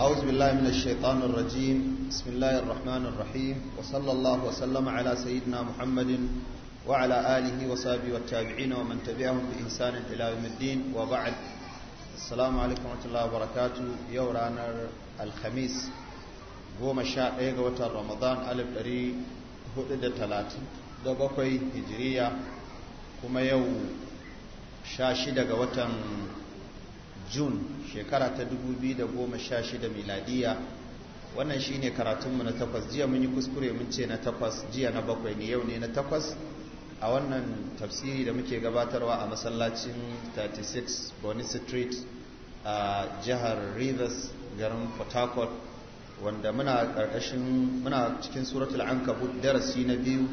أعوذ بالله من الشيطان الرجيم بسم الله الرحمن الرحيم وصلى الله وسلم على سيدنا محمد وعلى آله وصحبه والتابعين ومن تبعهم بإحسان إلى يوم الدين وبعد السلام عليكم ورحمة الله وبركاته يورانا الخميس goma sha ɗaya ga watan ramadan alif ɗari hudu da talatin da bakwai hijiriya kuma yau sha shida ga watan jun shekara ta 2016 miladiya wannan shine karatunmu na takwas jiya mun yi kuskure mun ce na takwas jiya na bakwai ne yau ne na takwas a wannan tafsiri da muke gabatarwa a masallacin 36 Bonny Street a jihar Rivers garin Port Harcourt wanda muna cikin suratul ankabut darasi na biyu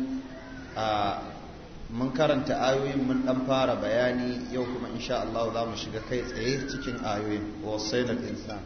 a mun karanta ayoyin mun dan fara bayani yau kuma insha Allah za mu shiga kai tsaye cikin ayoyin wasailal insan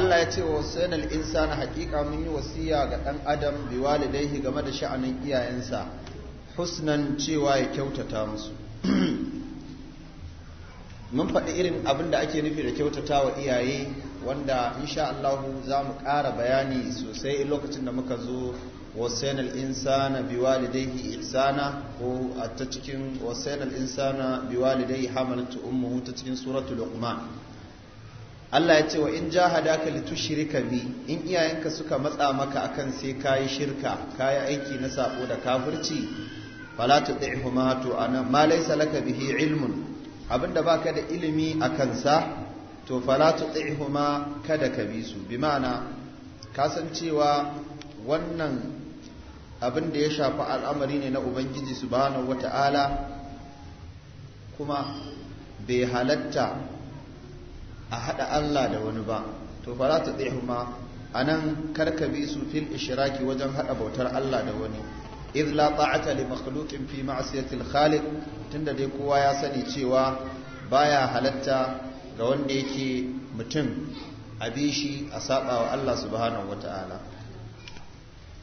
Allah ya ce wa sanar insana haƙiƙa mun yi wasiya ga ɗan adam bi game da sha'anin iyayensa husnan cewa ya kyautata musu mun faɗi irin abin da ake nufi da kyautata wa iyaye wanda insha Allah za mu ƙara bayani sosai lokacin da muka zo wasainal insana bi ihsana ko a ta cikin wasainal insana bi walidayhi hamalatu ummuhu ta cikin suratul luqman Allah ya ce wa in jahadaka litushrika bi in iyayenka suka matsa maka akan sai kayi shirka kayi aiki na sabo da kafirci fala tudihuma to ana ma laysa laka bihi ilmun abinda baka da ilimi akan sa to fala tudihuma kada ka bi su bi ma'ana cewa wannan abin da ya shafi al'amari ne na ubangiji subhanahu wata'ala kuma bai halatta a haɗa Allah da wani ba to farata ta tsihuma a nan bi su fil ishiraki wajen haɗa bautar Allah da wani idh la ta'ata li makhluqin fi ma'siyati khaliq tunda dai kowa ya sani cewa baya halatta ga wanda yake mutum a bishi a saba wa Allah subhanahu wata'ala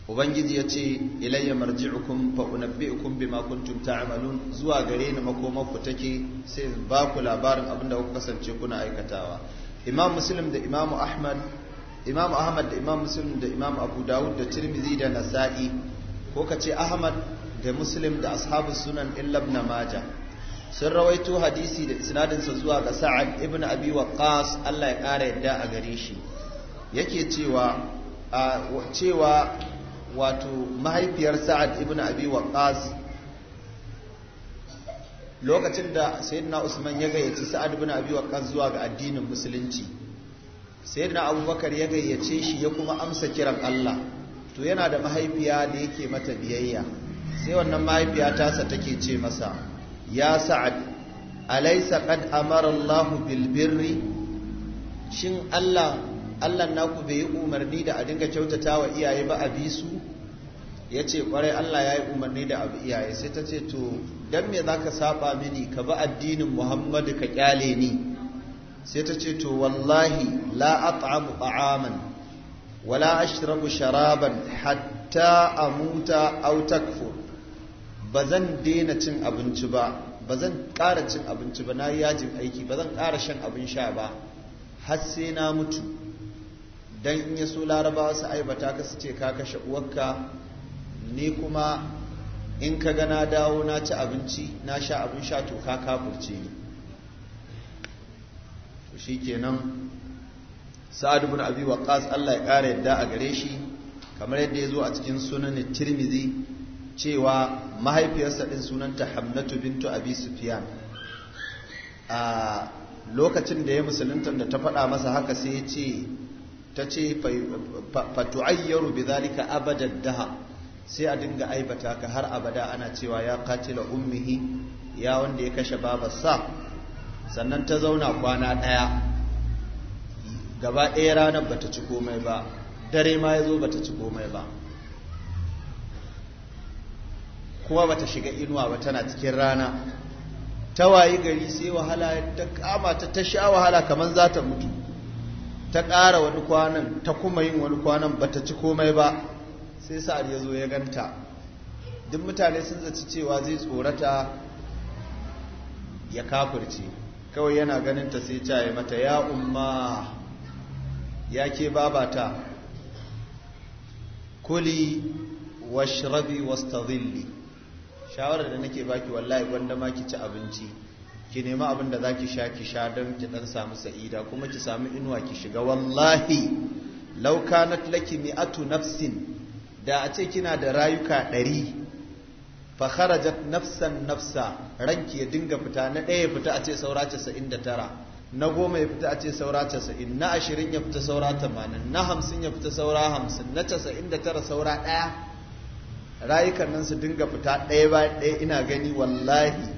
ubangiji ya ce ilayya marji'ukum fa unabbi'ukum bima kuntum ta'malun zuwa gare ni makomanku take sai in ba ku labarin abin kuka kasance kuna aikatawa imam muslim da imam ahmad imam ahmad da imam muslim da imam abu dawud da tirmidhi da nasa'i ko kace ce ahmad da muslim da ashabu sunan illa ibn majah sun rawaito hadisi da sa zuwa ga sa'ad ibn abi waqas Allah ya kara yadda a gare shi yake cewa a cewa wato mahaifiyar sa'ad ibn abi waqas lokacin da sayyidina usman ya gayyaci sa'ad ibn abi waqas zuwa ga addinin musulunci sayyidina abubakar ya gayyace shi ya kuma amsa kiran Allah to yana da mahaifiya da yake mata biyayya sai wannan mahaifiya tasa take ce masa ya sa'ad alaysa qad amara Allah bil shin Allah Allah naku bai yi umarni da a dinga kyautata wa iyaye ba a bi su ya ce kwarai Allah ya yi umarni da abu iyaye sai ta ce to don me za ka saba mini ka bi addinin Muhammadu ka kyale ni sai ta ce to wallahi la at'amu ta'aman wala ashrabu sharaban hatta amuta aw takfur ba zan daina cin abinci ba ba zan ƙara cin abinci ba na yajin aiki ba zan ƙara shan abin sha ba har sai na mutu dan in ya so larabawa su aibata ka su ce ka kashe uwarka ni kuma in ka ga na dawo na ci abinci na sha abin sha to ka kafurce ni to shikenan sa'ad ibn abi waqqas Allah ya kare yadda a gare shi kamar yadda ya zo a cikin sunan tirmizi cewa mahaifiyarsa din sunanta hamnatu bintu abi sufyan a lokacin da ya musulunta da ta faɗa masa haka sai ya ce ta ce fatu'ayyaru bi zalika abada daha sai a dinga aibata ka har abada ana cewa ya katila ummihi ya wanda ya kashe babarsa sannan ta zauna kwana daya gaba ɗaya ranar ba ta ci komai ba dare ma ya zo ba ta ci komai ba kuma ba ta shiga inuwa ba tana cikin rana ta wayi gari sai wahala ta kama ta ta sha wahala kamar za ta mutu ta ƙara wani kwanan ta kuma yin wani kwanan ba ta ci komai ba sai sa'ad ya zo ya ganta duk mutane sun zaci cewa zai tsorata ya kafirce kawai yana ganin ta sai caye mata ya umma ya ke babata kuli washrabi wastadhilli shawarar da nake baki wallahi gwanda ma ki ci abinci ki nemi abin da za ki sha ki sha don ki dan samu sa'ida kuma ki samu inuwa ki shiga wallahi law kanat laki mi'atu nafsin da a ce kina da rayuka ɗari fa kharajat nafsan nafsa ranki ya dinga fita na ɗaya ya fita a ce saura 99 na goma ya fita a ce saura 90 na ashirin ya fita saura tamanin, na hamsin ya fita saura hamsin na 99 saura ɗaya rayukan nan su dinga fita ɗaya ba ɗaya ina gani wallahi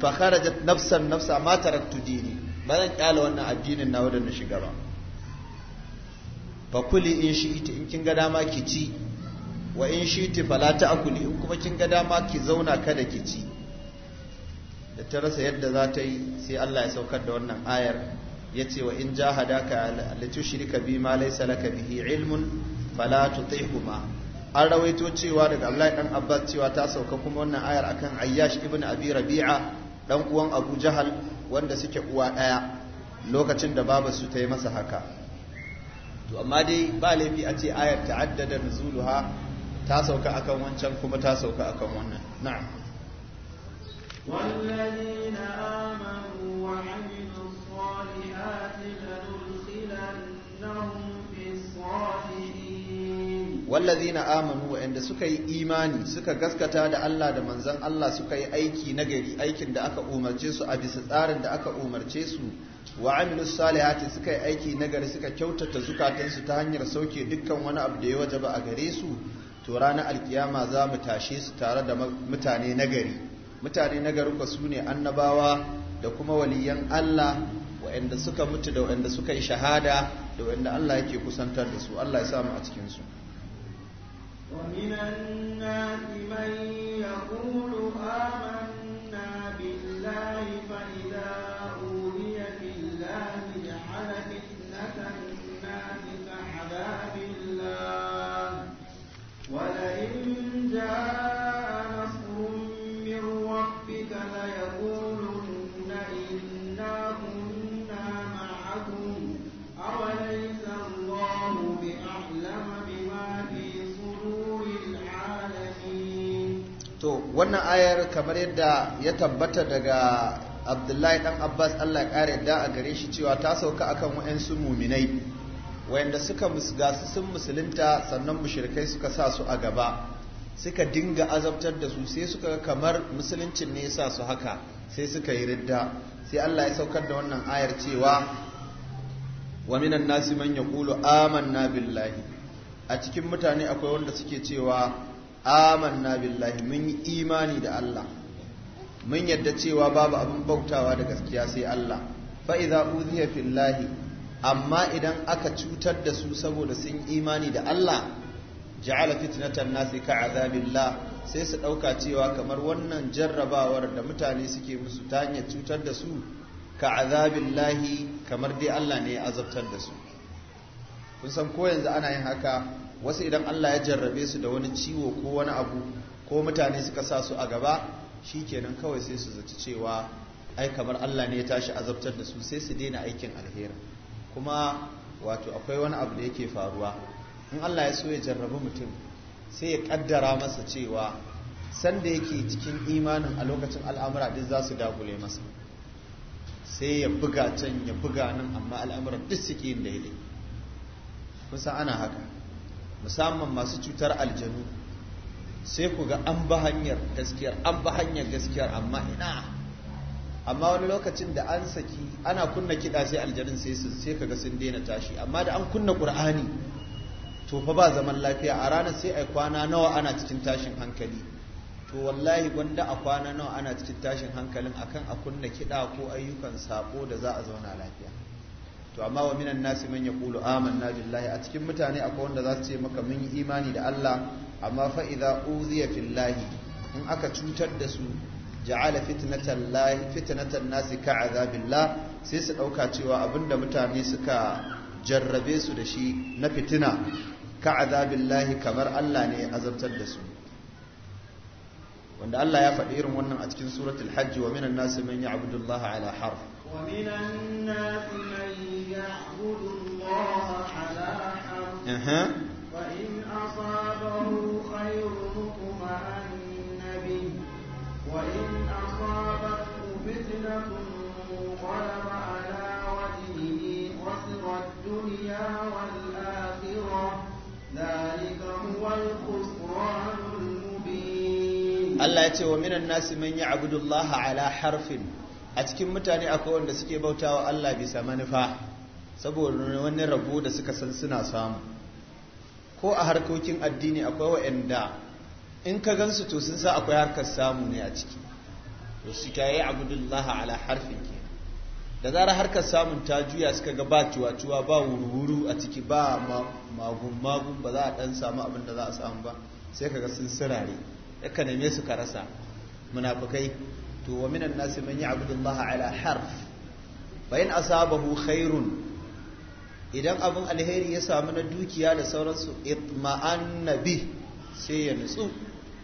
fa nafsan nafsa ma taraktu dini ba zan kyala wannan addinin na da na shiga ba fa kuli in shi'ti in kin ga dama ki ci wa in shi'ti fala ta'kuli in kuma kin ga dama ki zauna kada ki ci da ta rasa yadda za ta yi sai Allah ya saukar da wannan ayar ya ce wa in jahadaka la tushrika bi ma laysa laka bihi ilmun fala tutihuma an rawaito cewa daga Abdullahi dan Abbas cewa ta sauka kuma wannan ayar akan Ayyash ibn Abi Rabi'a dan uwan Abu Jahal wanda suke uwa daya lokacin da baba su ta masa haka to amma dai ba laifi a ce ayar ta'addada nuzuluha ta sauka akan wancan kuma ta sauka akan wannan na'am والذين آمنوا وعملوا الصالحات wallazina amanu wa'anda suka yi imani suka gaskata da Allah da manzan Allah suka yi aiki nagari aikin da aka umarce su a bisa tsarin da aka umarce su wa amilu salihati suka yi aiki nagari suka kyautata zukatansu ta hanyar sauke dukkan wani abu da ya ba a gare su to ranar alkiyama za mu tashe su tare da mutane nagari mutane nagari ku su ne annabawa da kuma waliyan Allah wa'anda suka mutu da wa'anda suka yi shahada da wa'anda Allah yake kusantar da su Allah ya samu a cikin su ومن الناس من يقول آمنا wannan ayar kamar yadda ya tabbata daga abdullahi dan abbas allah ya kare da a gare shi cewa ta sauka akan wa'yansu muminai wayanda suka gasu sun musulunta sannan mushirikai suka sa su a gaba suka dinga azabtar da su sai suka kamar musuluncin ne sa su haka sai suka yi ridda sai allah ya saukar da wannan ayar cewa wa minan nasi man yaqulu amanna billahi a cikin mutane akwai wanda suke cewa amanna billahi mun yi imani da Allah mun yadda cewa babu abin bautawa da gaskiya sai Allah fa idza uziya fillahi amma idan aka cutar da su saboda sun imani da Allah ja'ala fitnatan nasi ka'azabillah sai su dauka cewa kamar wannan jarrabawar da mutane suke musu ta cutar da su ka'azabillahi kamar dai Allah ne ya azabtar da su kun san ko yanzu ana yin haka wasu idan Allah ya jarrabe su da wani ciwo ko wani abu ko mutane suka sa su a gaba shi kenan kawai sai su zaci cewa ai kamar Allah ne ya tashi azabtar da su sai su daina aikin alheri kuma wato akwai wani abu da yake faruwa in Allah ya so ya jarrabi mutum sai ya kaddara masa cewa sanda yake cikin imanin a lokacin al'amura duk za su dagule masa sai ya buga can ya buga nan amma al'amuran duk suke yin daidai kusa ana haka musamman masu cutar aljanu sai ku ga an ba hanyar gaskiyar an ba hanyar gaskiyar amma ina amma wani lokacin da an saki ana kunna kiɗa sai aljanin sai su sai ga sun daina tashi amma da an kunna ƙur'ani, to fa ba zaman lafiya a ranar sai a kwana nawa ana cikin tashin hankali to wallahi gwanda a kwana nawa ana cikin tashin hankalin akan a kunna kiɗa ko ayyukan saƙo da za a zauna lafiya to amma wa minan nasi man yaqulu amanna billahi a cikin mutane akwai wanda za su ce maka mun yi imani da Allah amma fa idza uziya fillahi in aka cutar da su ja'ala fitnatan lahi fitnatan nasi ka'azabillah sai su dauka cewa abinda mutane suka jarrabe su da shi na fitina ka'azabillahi kamar Allah ne azabtar da su wanda Allah ya faɗi irin wannan a cikin suratul hajj wa minan nasi man ya'budu ala harf ومن الناس من يعبد الله على حرف فإن أصابه خير اطمأن به وإن أصابته فتنة انقلب على وجهه خسر الدنيا والآخرة ذلك هو الخسران المبين الله يتي ومن الناس من يعبد الله على حرف a cikin mutane akwai wanda suke bautawa Allah bisa manufa saboda wani rabo da suka san suna samu ko a harkokin addini akwai wa'anda in ka gansu to sun sa akwai harkar samu ne a ciki to shi ka yi abudullah ala harfin ke da zarar harkar samun ta juya suka ga ba tuwa ba wuru-wuru a ciki ba magun-magun ba za a ɗan samu abin da za a samu ba sai ka ga sun sirare ya ka neme su ka rasa munafukai to wa minan nasi man ya'budu Allah ala harf fa in asabahu khairun idan abun alheri ya samu na dukiya da sauransu itma'anna bi sai ya nutsu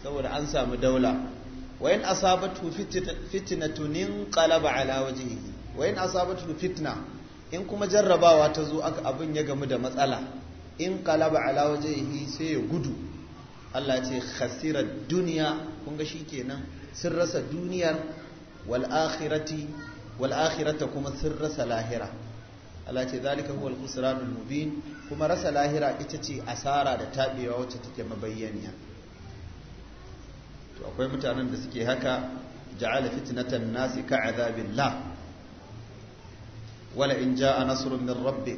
saboda an samu daula wa in asabatu fitnatun qalaba ala wajhihi wa in asabatu fitna in kuma jarrabawa ta zo aka abin ya gamu da matsala in qalaba ala wajhihi sai ya gudu Allah ce khasirar duniya kun ga kenan. sun rasa duniyar wal kuma sun rasa lahira Allah ce zalika huwa al-khusranul mubin kuma rasa lahira ita ce asara da tabewa wacce take mabayyaniya to akwai mutanen da suke haka ja'ala fitnatan nasi ka'adabillah wala in ja'a nasrun min rabbik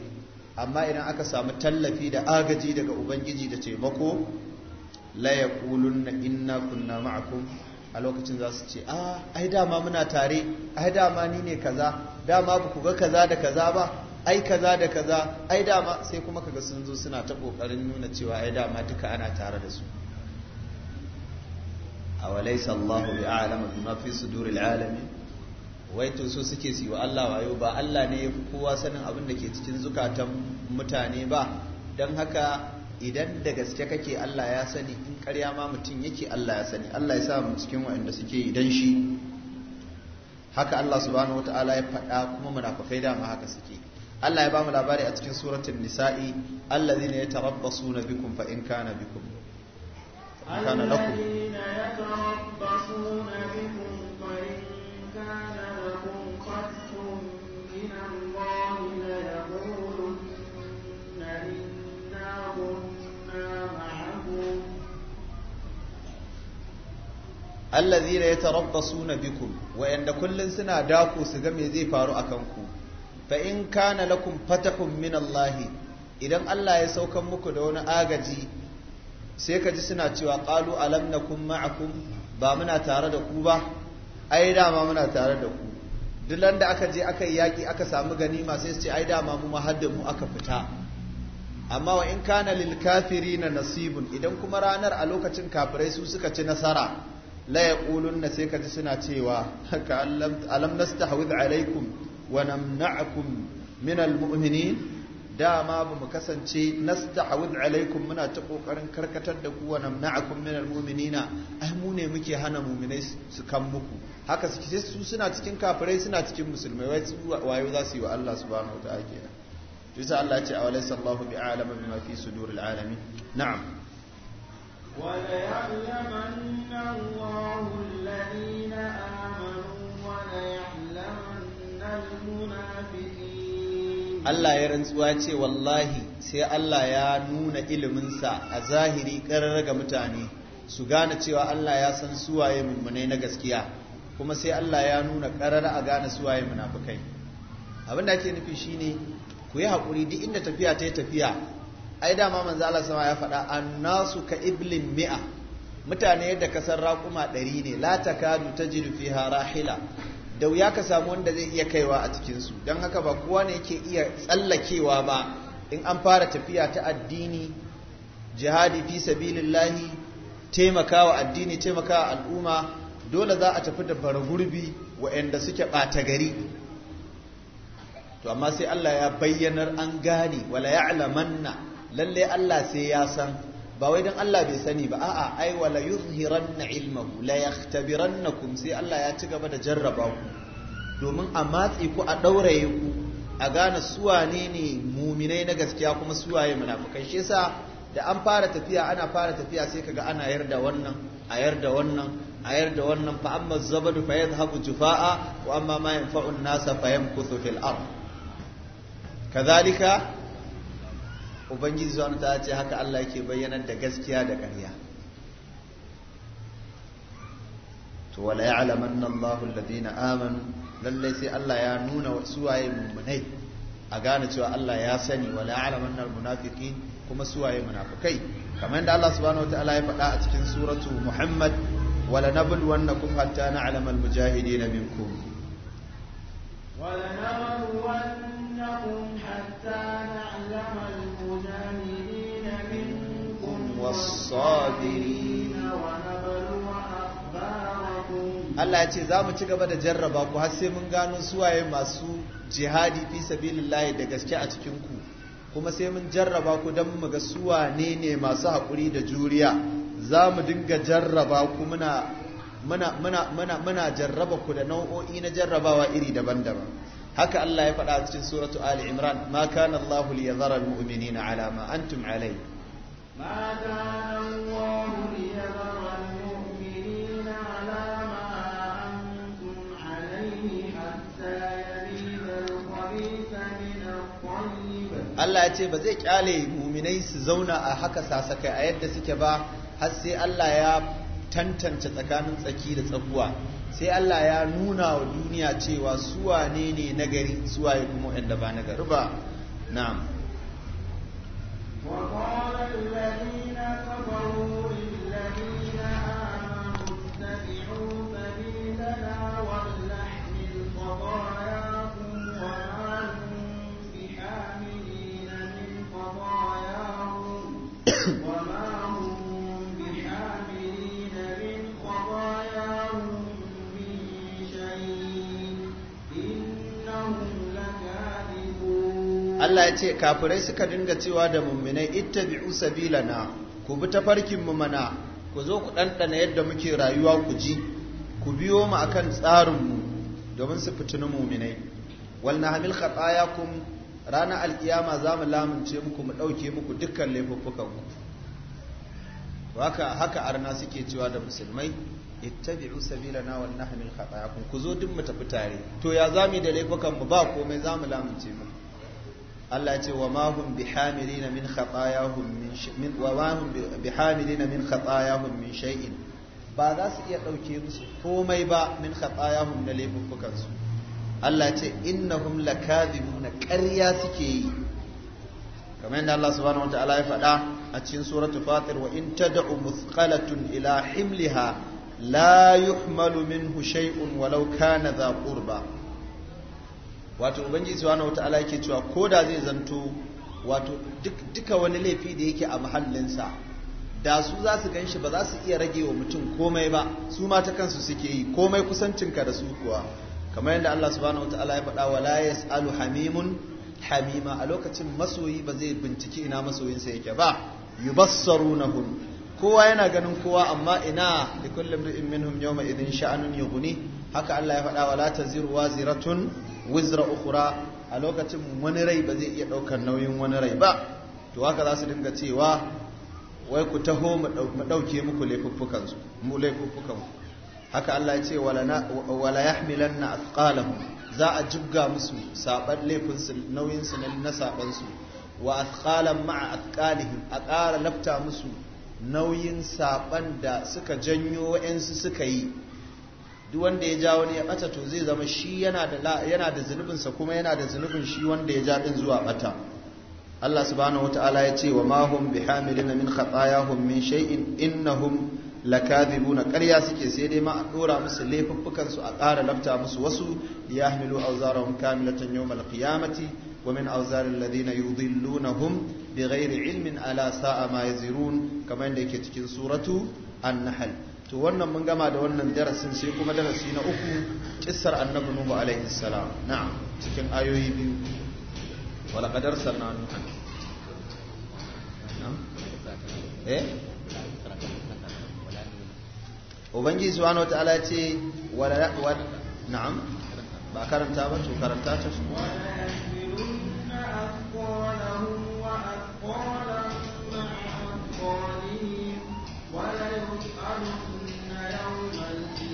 amma idan aka samu tallafi da agaji daga ubangiji da taimako la yaqulunna inna kunna ma'akum a lokacin za su ce a ah, ai dama muna tare ai dama ni ne kaza dama ba ku ga kaza da kaza ba ai kaza da kaza ai dama sai kuma kaga sun zo suna ta kokarin nuna cewa ai dama duka ana tare da su awalaysa Allahu bi'alama bima fi suduril alamin wai to so suke su yi wa Allah wayo ba Allah ne ya fi kowa sanin abin da ke cikin zukatan mutane ba dan haka idan da gaske kake Allah ya sani in karya ma mutum yake Allah ya sani Allah ya sa mu cikin waɗanda suke idan shi haka Allah subhanahu wata'ala ya faɗa kuma muna fafai dama haka suke Allah ya ba mu labari a cikin suratun nisa'i Allah yatarabbasuna bikum fa in kana bikum kana lakum allazina yatarabbasuna bikum fa allazina yatarabbasuna bikum wayanda kullun suna dako su ga me zai faru akan ku fa in kana lakum fatahun min Allah idan Allah ya saukan muku da wani agaji sai ka ji suna cewa qalu alam nakum ma'akum ba muna tare da ku ba ai dama muna tare da ku duk da aka je aka yi yaki aka samu ganima sai su ce ai dama mu mahaddin mu aka fita amma wa in kana lil kafirina nasibun idan kuma ranar a lokacin kafirai su suka ci nasara la yaqulunna sai ji suna cewa haka alam nastahwid alaikum wa namna'akum min almu'minin dama ba mu kasance nastahwid alaikum muna ta kokarin karkatar da ku wa namna'akum min almu'minina ai mu ne muke hana mu'minai su kan muku haka su suna cikin kafirai suna cikin musulmai wai su wayo za su yi wa Allah subhanahu wa ta'ala kenan to Allah ya ce awalaysa Allahu bi'alama bima fi suduril alamin na'am allah ya rantsuwa ce wallahi sai Allah ya nuna iliminsa a zahiri ƙarar ga mutane su gane cewa Allah ya san suwaye mummune na gaskiya kuma sai Allah ya nuna ƙarar a gane suwaye munafukai abin da ake nufi shine ku yi haƙuri duk inda tafiya ta yi tafiya ai dama manzo Allah sama ya faɗa annasu ka iblin mi'a mutane yadda kasar raƙuma ɗari ne la takadu tajidu fiha rahila da wuya ka samu wanda zai iya kaiwa a cikin su don haka ba kowa ne yake iya tsallakewa ba in an fara tafiya ta addini jihadi fi sabilillahi taimakawa addini taimakawa al'umma dole za a tafi da baragurbi wa'anda suke ɓata gari to amma sai Allah ya bayyanar an gane wala ya'lamanna Lallai Allah sai ya san ba wai dan Allah bai sani ba a'a ai wala yuzhiranna ilmahu la yahtabirannakum sai Allah ya ci gaba da jarraba ku domin a matse ku a ɗauraye ku a gane suwane ne muminai na gaskiya kuma suwaye munafikai shi yasa da an fara tafiya ana fara tafiya sai kaga ana yarda wannan a yarda wannan a yarda wannan fa amma zabadu fa yadhhabu jufaa wa amma ma yanfa'u an-nasa fa yamkuthu fil ard kadhalika ubangiji zuwa ta ce haka Allah yake bayyanar da gaskiya da ƙarya to wala ya'lamanna Allahu alladhina amanu lallai sai Allah ya nuna suwaye mummunai a gane cewa Allah ya sani wala nan munafiki kuma suwaye munafikai kamar yadda Allah subhanahu ta'ala ya faɗa a cikin suratu Muhammad wala nabluwannakum hatta na'lamal mujahidin minkum wala wannan دونكم حتى نعلم المجاهدين منكم والصابرين ونبلو أخباركم الله يتي زامو تيغبا دا جربا كو har sai mun gano suwaye masu jihadi fi sabilillahi da gaske a cikin ku kuma sai mun jarraba ku dan mu ga suwane ne masu hakuri da juriya za mu dinga jarraba ku muna muna muna muna jarraba ku da nau'o'i na jarrabawa iri daban-daban haka Allah ya faɗa a cikin suratu Ali Imran ma kana Allahu al mu'minina ala ma antum alayhi ma kana Allahu al mu'minina ala ma antum alayhi hatta al khabitha min al tayyib Allah ya ce ba zai kyale mu'minai su zauna a haka sasakai a yadda suke ba har sai Allah ya tantance tsakanin tsaki da tsakuwa sai Allah ya nuna wa duniya cewa suwa ne ne nagari suwa ya kuma wanda ba gari ba na وقال Allah ya ce kafirai suka dinga cewa da mumminai ittabi'u sabilana ku bi farkin mu mana ku zo ku ɗanɗana yadda muke rayuwa ku ji ku biyo mu akan tsarin mu domin su fitini muminai wal nahmil khatayakum rana alkiyama za mu lamunce muku mu ɗauke muku dukkan laifuffukan ku haka haka arna suke cewa da musulmai ittabi'u sabilana wal nahmil khatayakum ku zo duk mu tafi tare to ya zamu da laifukan mu ba komai za mu lamunce muku Allah ce wa ma bihamilina min khatayahum min min wa bihamilina min khatayahum min shay'in ba za su iya dauke musu komai ba min khatayahum na laifukan su Allah ce innahum lakadibuna ƙarya suke yi kamar yadda Allah subhanahu wa ya faɗa a cikin suratul fatir wa in tad'u muthqalatun ila himliha la yuhmalu minhu shay'un walau kana dha qurba wato ubangiji subhanahu wata'ala yake cewa ko da zai zanto wato duka wani laifi da yake a mahallinsa da su za su gan shi ba za su iya rage wa mutum komai ba su ma ta kansu suke yi komai kusancinka da su kuwa kamar yadda Allah subhanahu wata'ala ya faɗa wala yas'alu hamimun hamima a lokacin masoyi ba zai bincike ina masoyinsa yake ba na yubassarunahum kowa yana ganin kowa amma ina da kullum ri'in minhum yawma idin sha'anun guni haka Allah ya faɗa wala taziru waziratun wizra ukura a lokacin wani rai ba zai iya ɗaukar nauyin wani rai ba to haka za su dinga cewa wai ku taho mu ɗauke muku laifuffukan su mu haka Allah ya ce wala yahmilanna athqalahum za a jibga musu saban laifin su nauyin su na saban su wa athqalan ma'a athqalihim a ƙara lafta musu nauyin saban da suka janyo wa'yansu suka yi duk wanda ya ja wani ya bata to zai zama shi yana da zunubinsa kuma yana da zunubin shi wanda ya ja din zuwa bata Allah subhanahu wata'ala ya ce wa ma hum hamilina min khatayahum min shay'in innahum Buna ƙarya suke sai dai ma a dora musu laifuffukan su a ƙara lafta musu wasu liyahmilu awzarahum kamilatan yawmal qiyamati ومن أوزار الذين يضلونهم بغير علم ألا ساء ما يزرون كما عندك تكين سورة النحل to wannan mun gama da wannan darasin sai kuma darasi na uku kissar annabi nuhu alaihi salam na'am cikin ayoyi biyu wala ubangiji subhanahu wataala ce wala na'am ba karanta ba to karanta ta su أثقاله وأثقالا مع أثقاله وليسألن يوم القيامة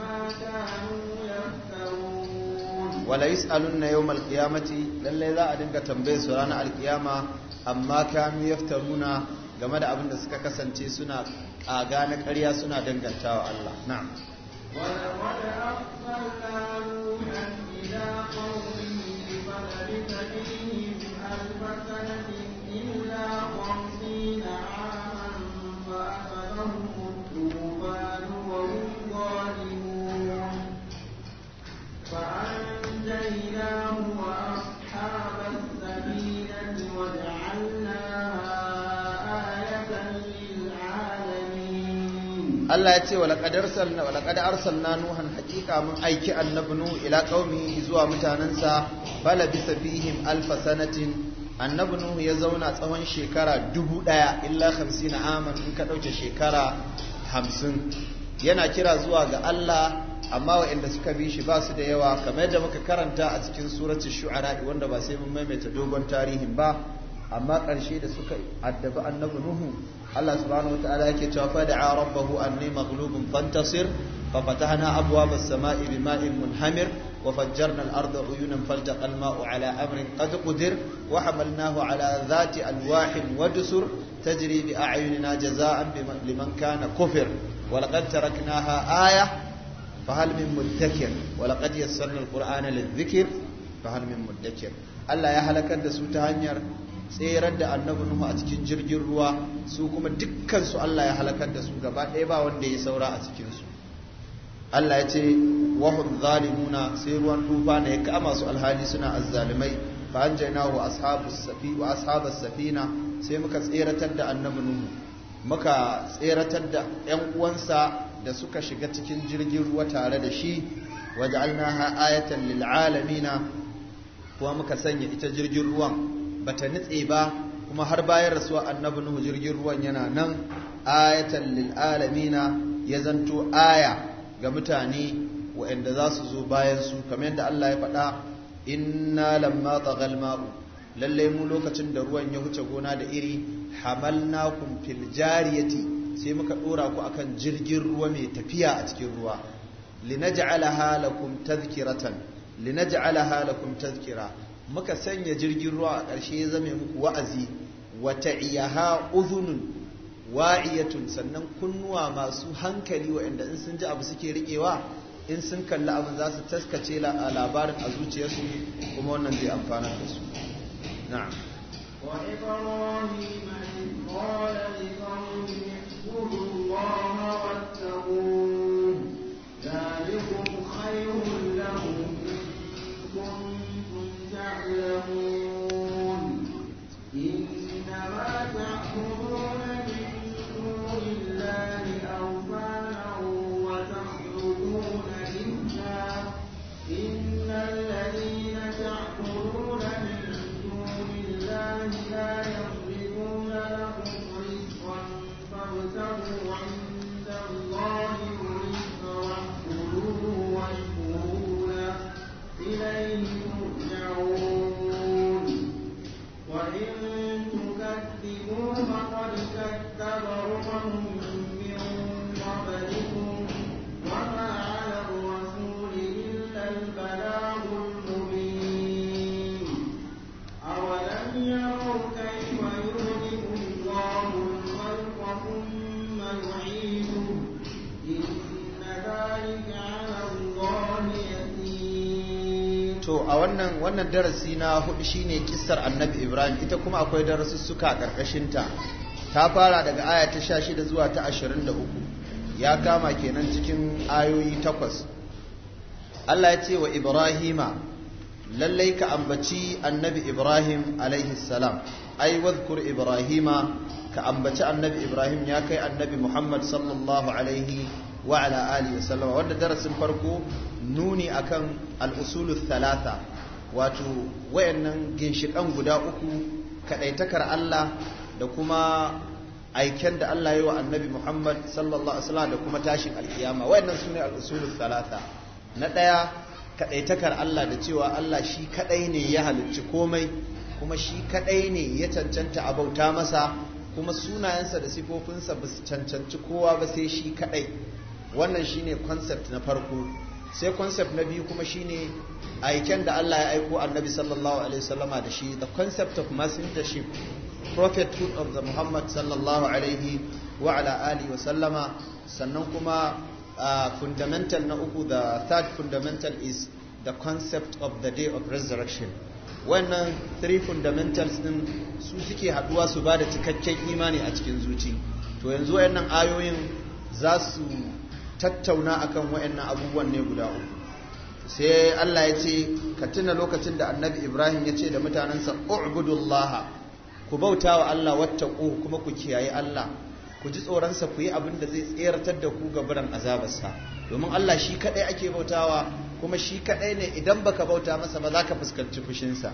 عما كانوا يفترون وليسألن يوم القيامة للي ذا أدنك تنبيه سرانا القيامة أما كانوا يفترون game da abin da suka kasance suna ƙaga na ƙarya suna dangantawa Allah na'am بثمنهم ألف سنة إلا Allah ya ce walaƙad arsalna walaƙad arsalna nuhan haƙiƙa mun aiki annabi nuhu ila qaumihi zuwa mutanansa bala bisa fihim alfa sanatin annabi nuhu ya zauna tsawon shekara dubu ɗaya illa hamsin aman in ka ɗauke shekara hamsin yana kira zuwa ga Allah amma waɗanda suka bi shi basu da yawa kamar yadda muka karanta a cikin suratul shu'ara wanda ba sai mun maimaita dogon tarihin ba amma ƙarshe da suka addabi annabi nuhu Allah subhanahu wataala yake cewa fa da'a rabbahu anni maghlubun fantasir fa fatahna abwaba as-sama'i bima'in munhamir wa fajjarna al-arda uyunan faltaqa al-ma'u ala amrin qad qudir wa hamalnahu ala dhati alwahin wa dusur tajri bi a'yunina jazaa'an liman kana kufir wa laqad taraknaha aya فهل من مدكر ولقد يسرنا القرآن للذكر فهل من مدكر Allah ya halakar da su ta hanyar tserar da annabi nuhu a cikin jirgin ruwa su kuma dukkan su Allah ya halakar da su gaba ɗaya ba wanda ya saura a cikin su Allah ya ce hum zalimuna sai ruwan tufa ne ya kama su alhali suna azzalimai fa anjayna wa ashabu safi wa ashabu safina sai muka tseratar da annabi nuhu muka tseratar da ƴan uwansa da suka shiga cikin jirgin ruwa tare da shi waja'alnaha ayatan lil alamina kuma muka sanya ita jirgin ruwan bata nitse ba kuma har bayan rasuwa annabi nuhu jirgin ruwan yana nan ayatan lil alamina ya zanto aya ga mutane waɗanda za su zo bayan su kamar yadda Allah ya faɗa inna lamma tsagal ma'u lallai mu lokacin da ruwan ya huce gona da iri hamalnakum fil jariyati sai muka ɗora ku akan jirgin ruwa mai tafiya a cikin ruwa linaj'alaha lakum tadhkiratan linaj'alaha lakum tadhkira muka sanya jirgin ruwa a ƙarshe ya zame muku wa'azi wata iyaha uzunun wa'iyatun sannan kunnuwa masu hankali waɗanda in sun ji abu suke riƙewa in sun kalli abin za su taskace labarin a zuciyarsu kuma wannan zai amfana da su na'am wannan darasi na hudu shine kissar annabi ibrahim ita kuma akwai darasussuka a ƙarƙashinta ta fara daga aya ta sha shida zuwa ta ashirin da uku ya kama kenan cikin ayoyi takwas allah ya ce wa ibrahima lallai ka ambaci annabi ibrahim alaihi salam ai wadkur ibrahima ka ambaci annabi ibrahim ya kai annabi muhammad sallallahu alaihi wa ala alihi wa sallama wanda darasin farko nuni akan al-usulul thalatha wato wayannan ginshikan guda uku kaɗaitakar Allah da kuma aiken da Allah yi wa annabi Muhammad sallallahu alaihi wasallam da kuma tashin alkiyama wayannan sune al-usulul thalatha na ɗaya kaɗaitakar Allah da cewa Allah shi kaɗai ne ya halicci komai kuma shi kaɗai ne ya cancanta a bauta masa kuma sunayensa da sifofinsa ba su cancanci kowa ba sai shi kaɗai. wannan shine concept na farko sai concept na biyu kuma shine aiken da Allah ya aiko annabi sallallahu alaihi wasallama da shi the concept of messengership prophethood of the Muhammad sallallahu alaihi wa ala alihi wasallama sannan kuma uh, fundamental na uku the third fundamental is the concept of the day of resurrection wannan three fundamentals din su suke haduwa su da cikakken imani a cikin zuci to yanzu wayannan ayoyin za su tattauna akan wayannan abubuwan ne guda uku sai Allah ya ce ka tuna lokacin da annabi Ibrahim ya ce da mutanensa u'budullah ku bauta wa Allah ku kuma ku kiyaye Allah ku ji tsoronsa ku yi abin da zai tseratar da ku ga gabaran azabarsa domin Allah shi kadai ake bautawa kuma shi kadai ne idan baka bauta masa ba za ka fuskanci fushinsa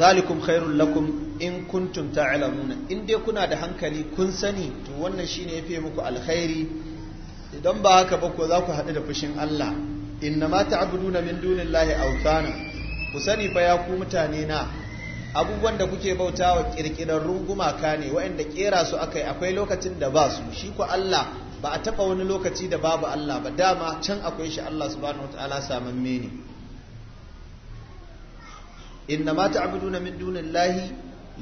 zalikum khairul lakum in kuntum ta'lamuna in dai kuna da hankali kun sani to wannan shine yafi muku alkhairi idan ba haka ba ko za ku haɗu da fushin Allah inna ma ta'buduna min dunillahi awthana ku sani fa ya ku mutane na abubuwan da kuke bautawa kirkirarrun gumaka ne waɗanda kera su akai akwai lokacin da ba su shi ku Allah ba a taɓa wani lokaci da babu Allah ba dama can akwai shi Allah subhanahu wataala samamme ne inna ma ta'buduna min dunillahi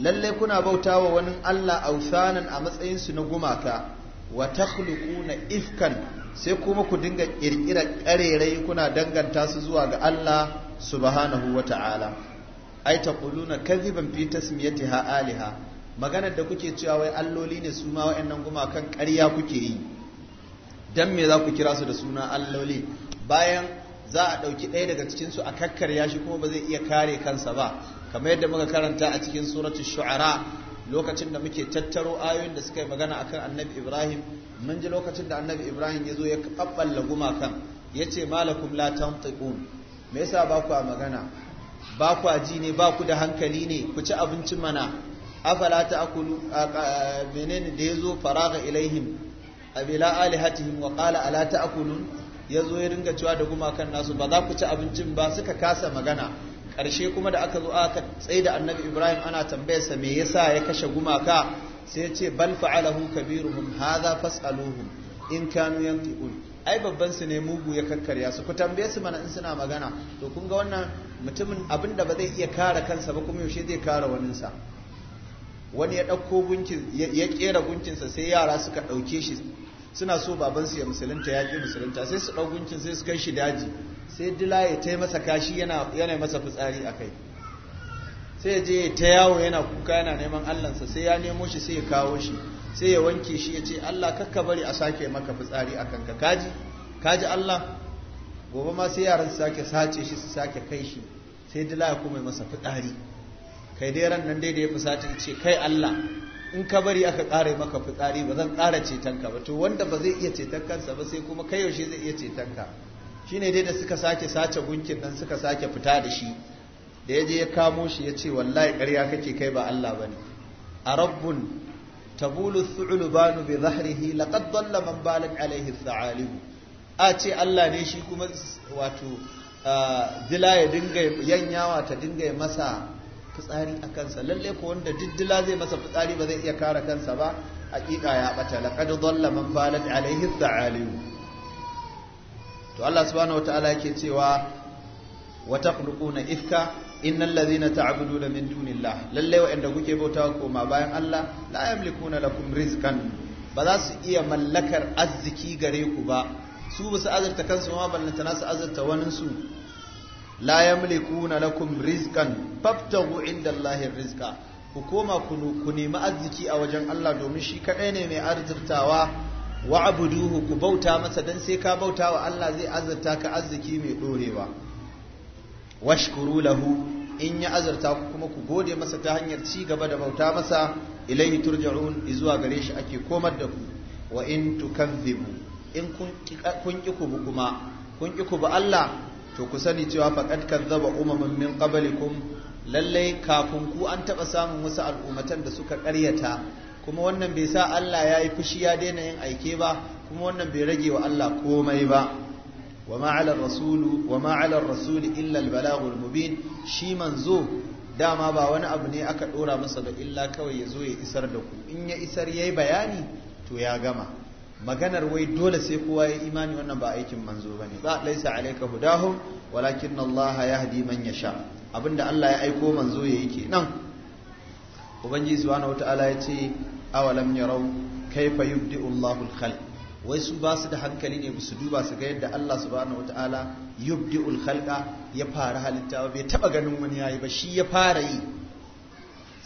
lalle kuna bautawa wani Allah ausanan a matsayin su na gumaka wa takhluquna ifkan sai kuma ku dinga kirkira karerai kuna danganta su zuwa ga Allah subhanahu wata'ala ai taquluna kadhiban fi tasmiyatiha aliha maganar da kuke cewa wai alloli ne su ma wayannan gumakan ƙarya kuke yi dan me za ku kira su da suna alloli bayan za a ɗauki ɗaya daga cikinsu a kakkarya shi kuma ba zai iya kare kansa ba kamar yadda muka karanta a cikin suratul shu'ara lokacin da muke tattaro ayoyin da suka yi magana akan annabi ibrahim mun ji lokacin da annabi ibrahim ya zo ya laguma gumakan ya ce malakum la tantiqun me yasa ba ku a magana ba ku a ji ne ba ku da hankali ne ku ci abinci mana afala ta akulu menene da ya zo faraga ilaihim abila alihatihim wa qala ala ta akulun ya zo ya ringa cewa da gumakan nasu ba za ku ci abincin ba suka kasa magana ƙarshe kuma da aka zo aka tsaye da annabi ibrahim ana tambayarsa me yasa ya kashe gumaka sai ya ce bal fa'alahu kabiruhum hadha fas'aluhum in kanu yantiqun ai babban su ne mugu ya kakkarya su ku tambaye su mana in suna magana to kun ga wannan mutumin abin da ba zai iya kare kansa ba kuma yaushe zai kare waninsa wani ya ɗauko gunkin ya ƙera gunkinsa sai yara suka ɗauke shi suna so babansu ya musulunta ya ƙi musulunta sai su ɗau gunkin sai su kai shi daji sai dila ya ta masa kashi yana masa fitsari a kai sai ya je ya ta yawo yana kuka yana neman allansa sai ya nemo shi sai ya kawo shi sai ya wanke shi ya ce allah kakka bari a sake maka fitsari a kanka kaji kaji allah gobe ma sai yaran su sake sace shi su sake kai shi sai dila ya kuma masa fitsari kai dai ran nan dai da ya fusata ce kai allah in ka bari aka ƙare maka fitsari ba zan ƙara ka ba to wanda ba zai iya ceton kansa ba sai kuma kai yaushe zai iya shi shine dai da suka sake sace gunkin nan suka sake fita da shi da ya je ya kamo shi ya ce wallahi ƙarya kake kai ba Allah bane a rabbun tabulu thulubanu bi zahrihi laqad dalla man balat alayhi sa'alim a ce Allah ne shi kuma wato dila ah, ya dinga yanyawa ta dinga masa fitsari a kansa lallai ko wanda diddila zai masa fitsari ba zai iya kare kansa ba hakika ya bata laqad dhalla man balat alayhi dha'alim to Allah subhanahu wataala yake cewa wa taqluquna ifka innal ladhina ta'buduna min dunillahi lalle wa'anda kuke ko koma bayan Allah la yamlikuna lakum rizqan ba za su iya mallakar arziki gare ku ba su ba su azurta kansu ma ballanta su azurta waninsu la yamlikuna lakum rizqan fabtahu inda Allahi rizqa ku koma ku nemi arziki a wajen Allah domin shi kadai ne mai arzurtawa wa abuduhu ku bauta masa dan sai ka bauta wa Allah zai azurta ka arziki mai dorewa washkuru lahu in ya azurta ku kuma ku gode masa ta hanyar ci gaba da bauta masa ilaihi turja'un zuwa gare shi ake komar da ku wa in tukazzibu in kun ki kuma kun ki ku ba Allah to ku sani cewa faqad kadzaba umamun min qablikum lallai kafin ku an taba samun wasu al'ummatan da suka ƙaryata kuma wannan bai sa Allah ya yi fushi ya daina yin aike ba kuma wannan bai rage wa Allah komai ba وما على rasulu illal على illa shi البلاغ mubin shi manzo dama ba wani abu ne aka dora masa ba illa kawai ya zo ya isar da ku in ya isar yayi bayani to ya gama maganar wai dole sai kowa ya imani wannan ba aikin manzo bane ba laisa alayka hudahum walakin Allah yahdi man yasha abinda Allah ya aiko manzo yayi kenan ubangiji subhanahu wataala ya ce awalam yarau kaifa yubdi Allahu al wai su ba su da hankali ne su duba su ga yadda Allah subhanahu wataala yubdi'ul khalqa ya fara halitta bai taba ganin wani yayi ba shi ya fara yi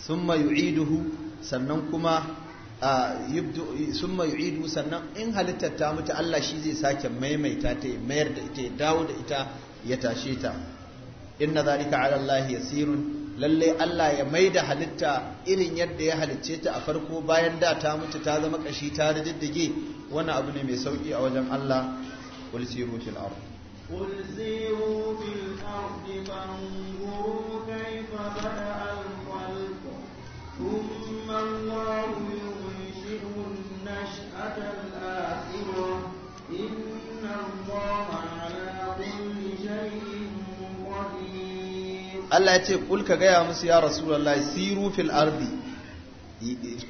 summa yu'iduhu sannan kuma yubdu summa idu sannan in halittar ta mutu Allah shi zai sake maimaita ta yi mayar da ita ya dawo da ita ya tashe ta inna zalika ala Allah sirun lalle Allah ya mai da halitta irin yadda ya halicce ta a farko bayan da ta mutu ta zama kashi ta riddige wani abu ne mai sauki a wajen Allah kul siru fil ard kul siru fil ard fanzuru kayfa bada al khalq thumma Allah Allah الآخرة إن الله على كل شيء قدير الله يتي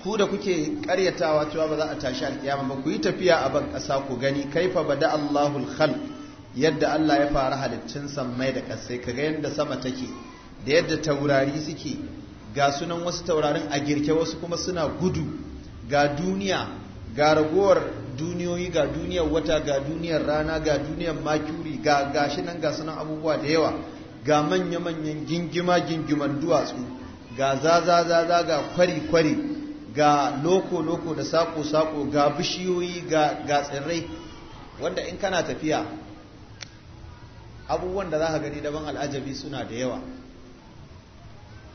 ku da kuke karyatawa cewa ba za a tashi alkiyama ba ku yi tafiya a ban ƙasa ku gani kaifa bada Allahul khalq yadda Allah ya fara halittun sammai da ƙasai kaga yadda sama take da yadda taurari suke ga sunan wasu taurarin a girke wasu kuma suna gudu ga duniya ga ragowar duniyoyi ga duniyar wata ga duniyar rana ga duniyar makuri ga gashi nan ga sunan abubuwa da yawa ga manya-manyan gingima gingiman duwatsu ga zaza-zaza ga kwari-kwari ga loko-loko da sako-sako ga bishiyoyi ga tsirrai wanda in kana tafiya abubuwan da za ka gani daban al'ajabi suna da yawa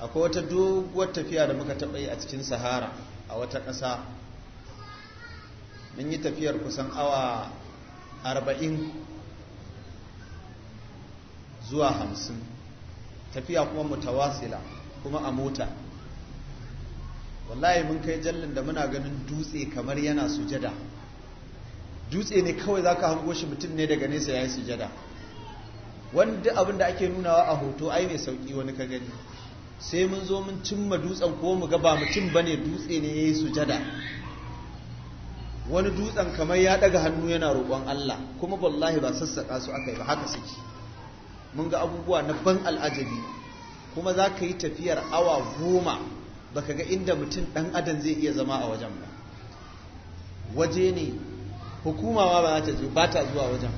akwai wata doguwar tafiya da muka taɓa yi a cikin sahara a wata ƙasa mun yi tafiyar kusan awa arba'in zuwa hamsin tafiya kuma mutawasila kuma a mota wallahi mun kai jallin da muna ganin dutse kamar yana sujada dutse ne kawai za ka hango shi mutum ne daga nesa ya yi sujada wanda abin da ake nunawa a hoto ai ne sauki wani ka gani sai mun zo mun cimma dutsen ko mu ga ba mutum bane dutse ne ya yi sujada wani dutsen kamar ya daga hannu yana roƙon Allah kuma wallahi ba sassaƙa su aka yi ba haka suke mun ga abubuwa na ban al'ajabi kuma za ka yi tafiyar awa goma ba ka ga inda mutum ɗan adam zai iya zama a wajen ba waje ne hukumawa ba ba ta ba ta zuwa wajen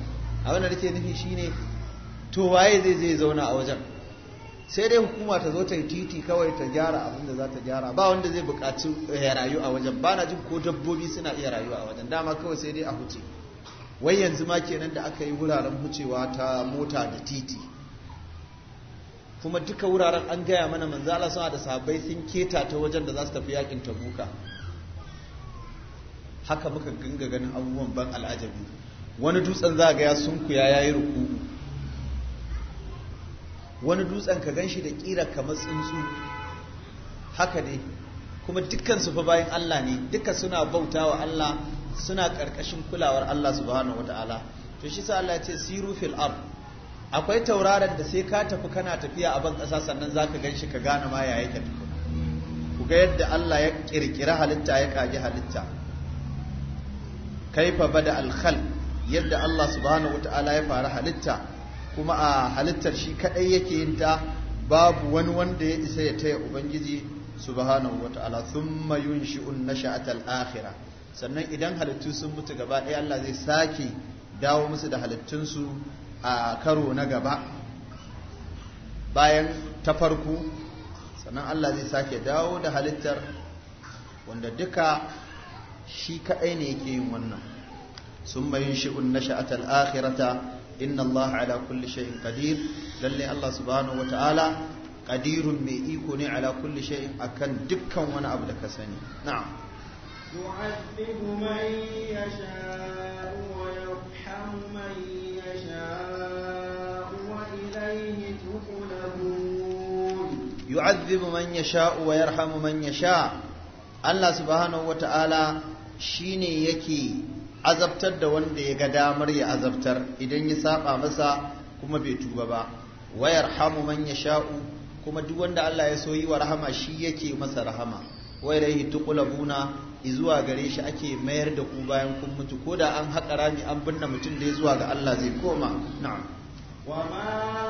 abin da nake nufi shine to waye zai zai zauna a wajen sai dai hukuma ta zo ta yi titi kawai ta gyara abin da za ta gyara ba wanda zai bukaci eh, rayu a wajen ba na jin ko dabbobi suna iya rayuwa a wajen dama kawai sai dai a huce wai yanzu ma kenan da aka yi wuraren hucewa ta mota da titi kuma duka wuraren an gaya mana manzala suna da sahabbai sun keta ta wajen da za su tafi yakin tabuka haka muka ganga ganin abubuwan ban al'ajabi wani dutsen za ga ya sunkuya ya yi ruku'u wani dutsen ka gan shi da kira kamar tsuntsu haka dai kuma dukkansu fa bayan Allah ne duka suna bauta wa Allah suna ƙarƙashin kulawar Allah subhanahu wata'ala to shi sa Allah ya ce siru fil ard akwai tauraron da sai ka tafi kana tafiya a ban ƙasa sannan zaka gan shi ka gane ma ya yake tafi ku ga yadda Allah ya kirkira halitta ya kage halitta kaifa bada al yadda Allah subhanahu wata'ala ya fara halitta kuma a halittar shi kaɗai yake yin ta babu wani wanda ya isa ya taya ubangiji subhanahu ta'ala thumma yunshi'un nasha'atal akhirah sannan idan halittu sun mutu gaba ɗaya Allah zai sake dawo musu da halittunsu a karo na gaba bayan ta farko sannan Allah zai sake dawo da halittar wanda duka shi kaɗai ne yake yin wannan sun bayin shi'un na sha'atar akhirata inna Allah ala kulli shay'in qadir lalle Allah subhanahu ta'ala qadirun mai iko ne ala kulli shay'in akan dukkan wani abu da ka sani na'am يعذب من يشاء ويرحم من يشاء وإليه تقلبون يعذب من يشاء ويرحم من يشاء الله سبحانه وتعالى shine yake azabtar da wanda ya ga damar ya azabtar idan ya saba masa kuma bai tuba ba wayar hamu man ya sha'u kuma duk wanda Allah ya so yi wa rahama shi yake masa rahama wai laihi tuqulabuna izuwa gare shi ake mayar da ku bayan kun mutu koda an haƙa rami an binne mutum da ya zuwa ga Allah zai koma na'am wa ma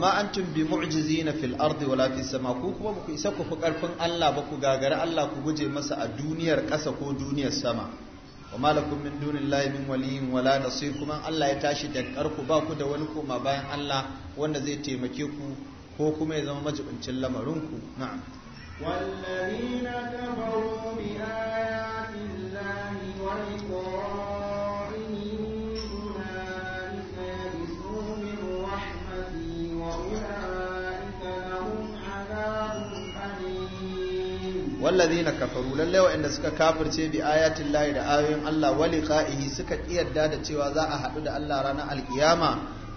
ma antum bi mu'jizina fil ardi wala fi sama ku kuma ku isa ku fi karfin Allah ba ku gagari Allah ku guje masa a duniyar ƙasa ko duniyar sama wa malakum lakum min dunillahi min waliyyin wala nasir kuma Allah ya tashi da karku ba ku da wani koma bayan Allah wanda zai taimake ku ko kuma ya zama majibincin lamarin ku na'am والذين كفروا بآيات الله ولقائه wallazina kafaru lallai wa'anda suka kafirce bi ayatin lahi da ayoyin Allah wa liqa'ihi suka kiyarda da cewa za a haɗu da Allah ranar alkiyama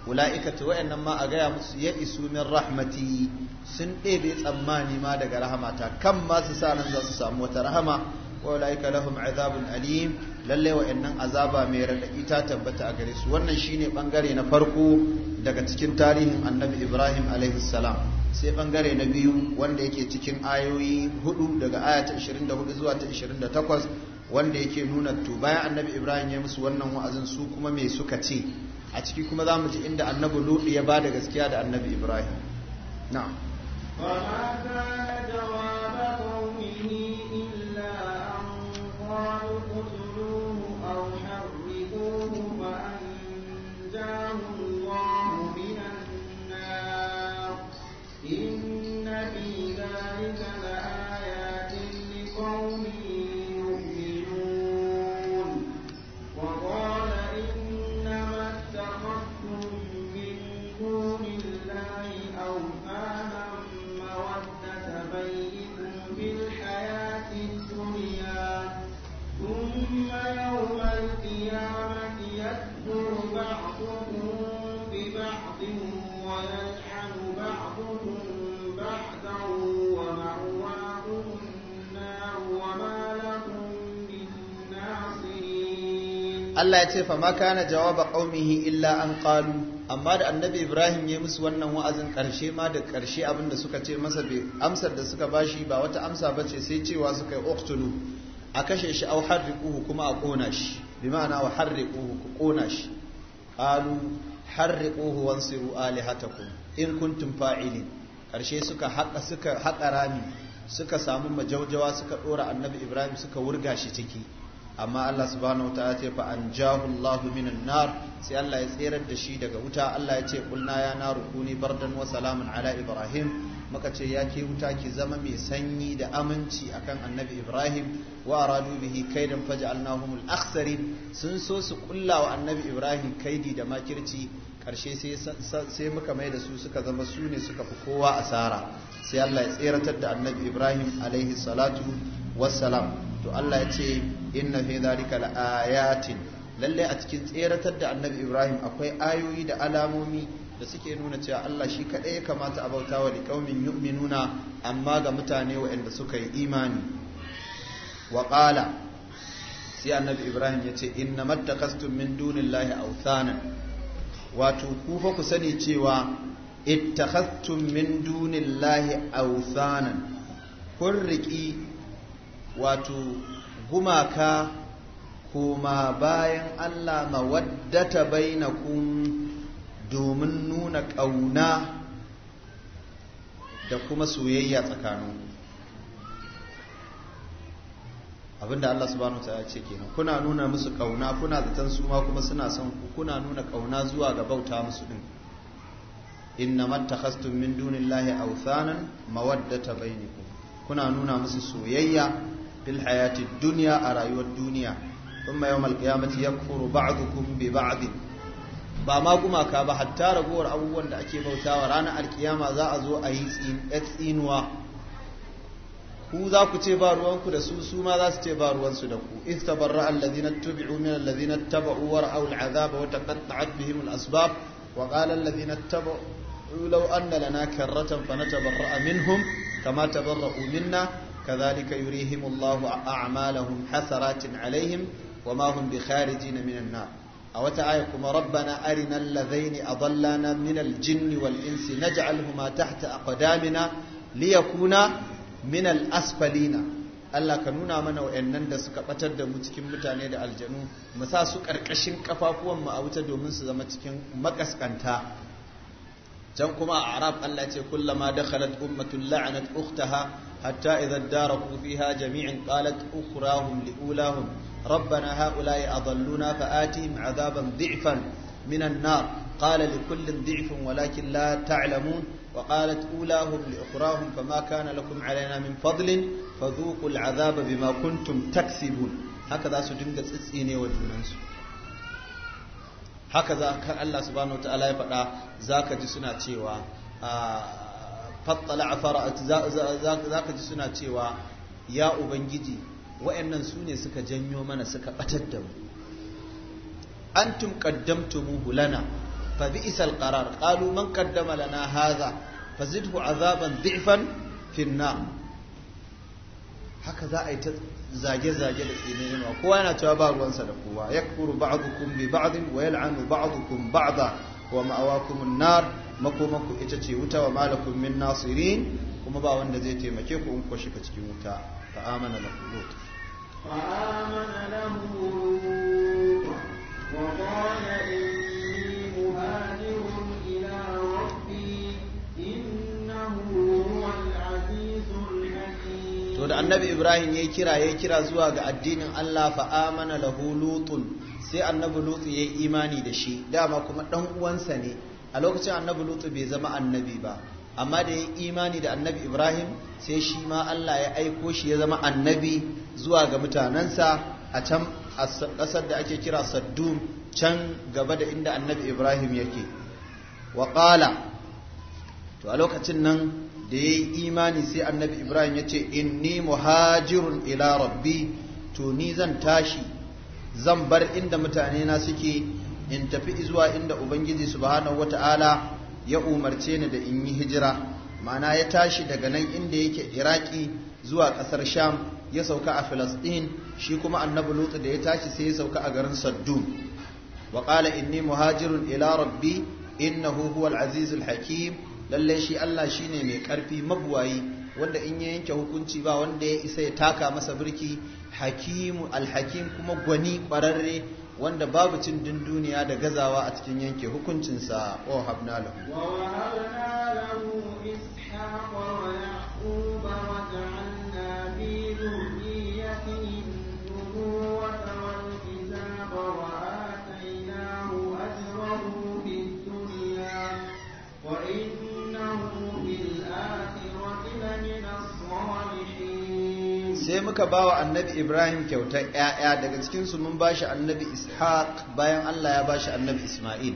ulaikatu wayannan ma a gaya musu ya isu min rahmati sun ɗebe tsammani ma daga rahamata kan ma su sa nan za su samu wata rahama wa ulaika lahum azabun alim lallai wa'annan azaba mai raɗaɗi ta tabbata a gare su wannan shine bangare na farko daga cikin tarihin annabi Ibrahim alaihi salam sai bangare na biyu wanda yake cikin ayoyi hudu daga aya ta 24 zuwa ta 28 wanda yake nuna to bayan annabi ibrahim ya musu wannan wa'azin su kuma me suka ce a ciki kuma za mu ji inda annabi lodi ya ba da gaskiya da annabi ibrahim na'am Allah ya ce fa ma kana jawaba qaumihi illa an qalu amma da annabi Ibrahim ya musu wannan wa'azin karshe ma da karshe abin da suka ce masa bai amsar da suka bashi ba wata amsa bace sai cewa suka yi uqtulu a kashe shi aw harriquhu kuma a kona shi bi ma'ana wa harriquhu ku kona shi qalu harriquhu wansiru alihatakum in kuntum fa'ilin karshe suka haƙa suka haƙa rami suka samu majaujawa suka ɗora annabi Ibrahim suka wurga shi ciki amma Allah subhanahu ya ce fa anjahu Allahu minan nar sai Allah ya tserar da shi daga wuta Allah ya ce kulna ya naru kuni bardan wa salamun ala Ibrahim muka ce ya ke wuta ki zama mai sanyi da aminci akan annabi Ibrahim wa aradu bihi kaidan faj'alnahum al-akhsarin sun so su kulla wa annabi Ibrahim kaidi da makirci karshe sai muka mai da su suka zama su ne suka fi kowa asara sai Allah ya tseratar da annabi Ibrahim alaihi salatu wassalam to Allah ya ce inna fi zalika laayatin lalle a cikin tseratar da annabi Ibrahim akwai ayoyi da alamomi da suke nuna cewa Allah shi kadai ya kamata a bauta wa liqaumin yu'minuna amma ga mutane waɗanda suka yi imani wa qala sai annabi Ibrahim ya ce inna mattakastum min dunillahi awthana wato ku fa ku sani cewa ittakhastum min dunillahi awthana kun riki. wato gumaka koma bayan Allah mawaddata bainakum domin nuna ƙauna da kuma soyayya tsakaninku abinda Allah subhanahu wa ta'ala ce kenan kuna nuna musu ƙauna kuna zaton su ma kuma suna son ku kuna nuna ƙauna zuwa ga bauta musu din inna mattakhastum min dunillahi awthanan mawaddata bainakum kuna nuna musu soyayya fil hayati duniya a rayuwar duniya thumma yawmal qiyamati yakfuru ba'dukum bi ba'd ba ma gumaka ba hatta ragowar abubuwan da ake bautawa ranar alkiyama za a zo a yi eh, tsinuwa ku za ku ce ba ruwanku da su su ma za su ce ba ruwansu da ku iz tabarra alladhina tubi'u min alladhina taba'u wa ra'aw al'azaba wa taqatta'at bihim al-asbab wa na alladhina taba'u law anna lana karratan fanatabarra'a minhum kama tabarra'u minna كذلك يريهم الله أعمالهم حسرات عليهم وما هم بخارجين من النار أو تعايكم ربنا أرنا الذين أضلنا من الجن والإنس نجعلهما تحت أقدامنا ليكونا من الأسفلين Allah ka nuna mana wa'annan da suka batar da mu cikin mutane da aljanu mu sa su karkashin kafafuwanmu mu a wuta domin su zama cikin makaskanta can kuma a arab Allah ce kullama dakhalat ummatun la'anat ukhtaha hatta idza daraku fiha jami'an qalat ukhrahum liulahum rabbana ha'ula'i adalluna fa'atihim 'adaban dhi'fan minan nar qala likullin dhi'fun walakin la ta'lamun وقالت أولاهم لأخراهم فما كان لكم علينا من فضل فذوقوا العذاب بما كنتم تكسبون هكذا سجنة تسيني والجنانس هكذا الله سبحانه وتعالى يفعل ذاك جسنا تيوا fattala a fara'at za ka ji suna cewa ya ubangiji wa'annan su ne suka janyo mana suka batar da mu antum qaddamtumuhu lana fa bi'sal qarar qalu man kaddama lana fa fazidhu azaban dhi'fan fi haka za a yi ta zage-zage da tsinin kowa yana cewa ba ruwansa da kowa yakfuru ba'dukum bi ba'din wa yal'anu ba'dukum ba'da wa ma'awakum an-nar makomanku ita ce wuta wa malakun min nasirin kuma ba wanda zai taimake ku in ku shiga cikin wuta fa amana lahu lut fa amana lahu wa qala muhajirun ila rabbi innahu to da annabi ibrahim yayi kira yayi kira zuwa ga addinin Allah fa amana lahu lutun sai annabi lut yayi imani da shi dama kuma dan uwansa ne a lokacin annabi lutu bai zama annabi ba amma da ya imani da annabi ibrahim sai shi ma allah ya aiko shi ya zama annabi zuwa ga mutanensa a can ƙasar da ake kira saddum can gaba da inda annabi ibrahim yake waƙala to a lokacin nan da ya yi imani sai annabi ibrahim ya ce inni muhajirun ila rabbi to ni zan tashi zan bar inda mutane na suke in tafi zuwa inda ubangiji subhanahu wata'ala ya umarce ni da in yi hijira ma'ana ya tashi daga nan inda yake iraki zuwa ƙasar sham ya sauka a filasɗin shi kuma annabi lutu da ya tashi sai ya sauka a garin saddum wa qala inni muhajirun ila rabbi innahu huwal azizul hakim lalle shi Allah shine mai karfi mabuwayi wanda in ya yanke hukunci ba wanda ya isa ya taka masa birki hakimu alhakim kuma gwani kwararre wanda babu cin dunduniya da gazawa a cikin yanke hukuncinsa o habna lahu wa muka bawa annabi Ibrahim kyautar ‘ya'ya daga cikinsu mun bashi annabi Ishaq bayan Allah ya bashi annabi Ismail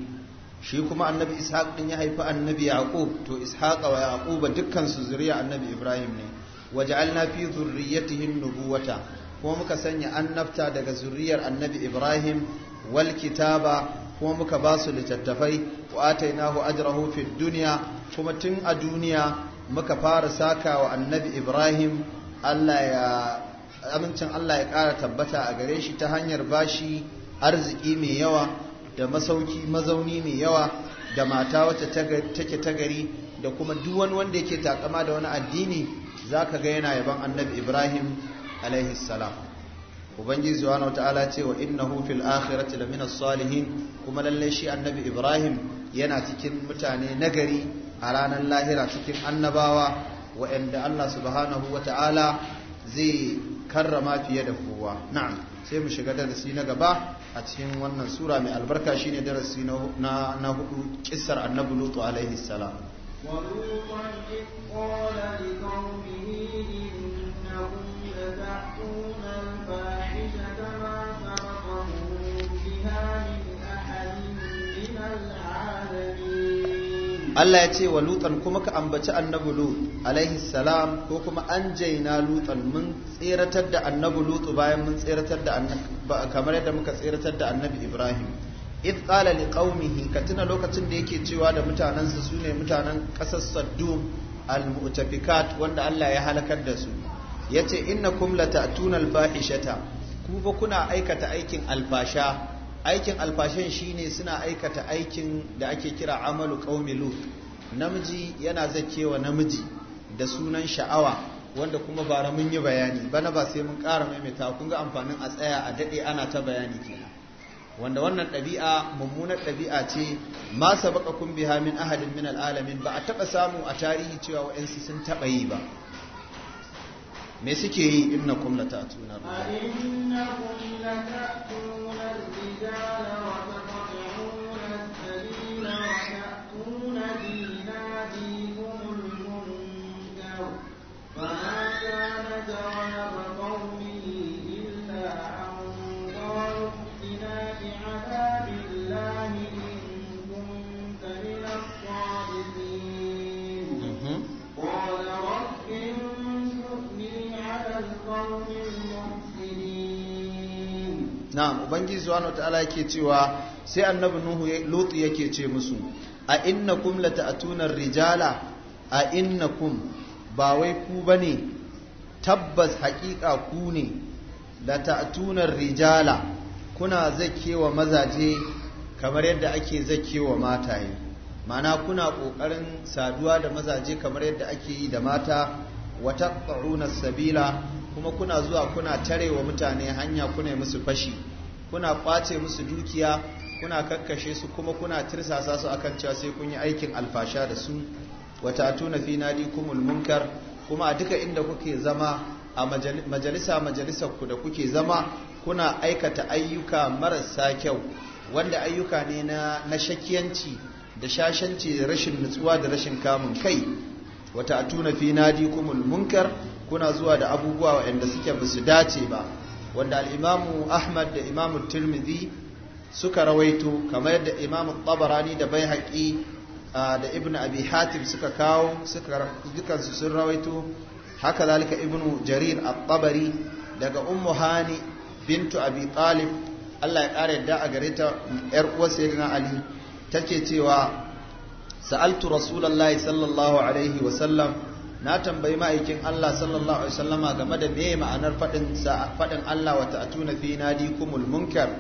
shi kuma annabi Ishaq ɗin ya haifi annabi Yaqub to Ishaq wa Yaquba dukkansu zuriya annabi Ibrahim ne waje fi zurriyyatihim nubuwata kuma muka sanya annabta daga zuriyar annabi Ibrahim wal kitaba kuma muka ba su littattafai wa atainahu ajrahu fid dunya kuma tun a duniya muka fara saka wa annabi Ibrahim Allah ya amincin Allah ya ƙara tabbata a gare shi ta hanyar bashi arziki mai yawa da masauki mazauni mai yawa da mata wacce take ta gari da kuma duk wani wanda yake takama da wani addini za ka ga yana yaban annabi ibrahim alaihi salam ubangiji subhanahu ta'ala ce wa innahu fil da minas salihin kuma lallai shi annabi ibrahim yana cikin mutane nagari a ranar lahira cikin annabawa wa'anda Allah subhanahu wa ta'ala zai karrama fiye da kowa na'am sai mu shiga darasi na gaba a cikin wannan sura mai albarka shine darasi na na hudu kissar annabi lutu alaihi salam Allah ya ce wa lutan kuma ka ambaci annabi lut alaihi salam ko kuma an jaina lutan mun tseratar da annabi lut bayan mun tseratar da annabi kamar yadda muka tseratar da annabi ibrahim id qala liqaumihi ka tuna lokacin da yake cewa da mutanansa sune mutanen kasar saddum al-mu'tafikat wanda Allah ya halakar da su yace innakum latatuna al-fahishata ku ba kuna aikata aikin alfasha aikin alfashin shine suna aikata aikin da ake kira amalu qaumi lut namiji yana zakewa namiji da sunan sha'awa wanda kuma bara mun yi bayani bana ba sai mun ƙara maimaita kun ga amfanin a tsaya a daɗe ana ta bayani kenan wanda wannan ɗabi'a mummunar ɗabi'a ce ma sabaka kun biha min ahadin min al'alamin ba a taɓa samu a tarihi cewa wa'ansu sun taɓa yi ba me suke yi inna kum la ta'tuna ar-rijala na'am ubangiji subhanahu ta'ala yake cewa sai annabi nuhu lutu yake ce musu a innakum lata'tuna rijala a innakum ba wai ku bane tabbas haƙiƙa ku ne lata'tuna rijala kuna zakewa mazaje kamar yadda ake zakewa mataye mana kuna ƙoƙarin saduwa da mazaje kamar yadda ake yi da mata wa taqta'una sabila kuma kuna zuwa kuna tarewa mutane hanya kuna musu fashi kuna kwace musu dukiya kuna kakkashe su kuma kuna tirsasa su akan cewa sai kun yi aikin alfasha da su wata tuna fi kumul munkar kuma a duka inda kuke zama a majalisa majalisa ku da kuke zama kuna aikata ayyuka marasa kyau wanda ayyuka ne na na shakiyanci da shashanci da rashin nutsuwa da rashin kamun kai wata tuna fi kumul munkar kuna zuwa da abubuwa waɗanda suke basu dace ba wanda al'imamu ahmad da imamu tirmidhi suka rawaito kamar yadda imamu tabarani da bai haƙi da ibn abi hatim suka kawo dukansu sun rawaito haka zalika ibn jarir a tabari daga ummu hani bintu abi talib Allah ya ƙara yadda a gare ta ‘yar uwar sayyidina Ali take cewa sa'altu Rasulallah sallallahu alaihi wasallam na tambayi ma'aikin Allah sallallahu alaihi wasallama game da me ma'anar fadin sa fadin Allah wa ta'tuna fi nadikumul munkar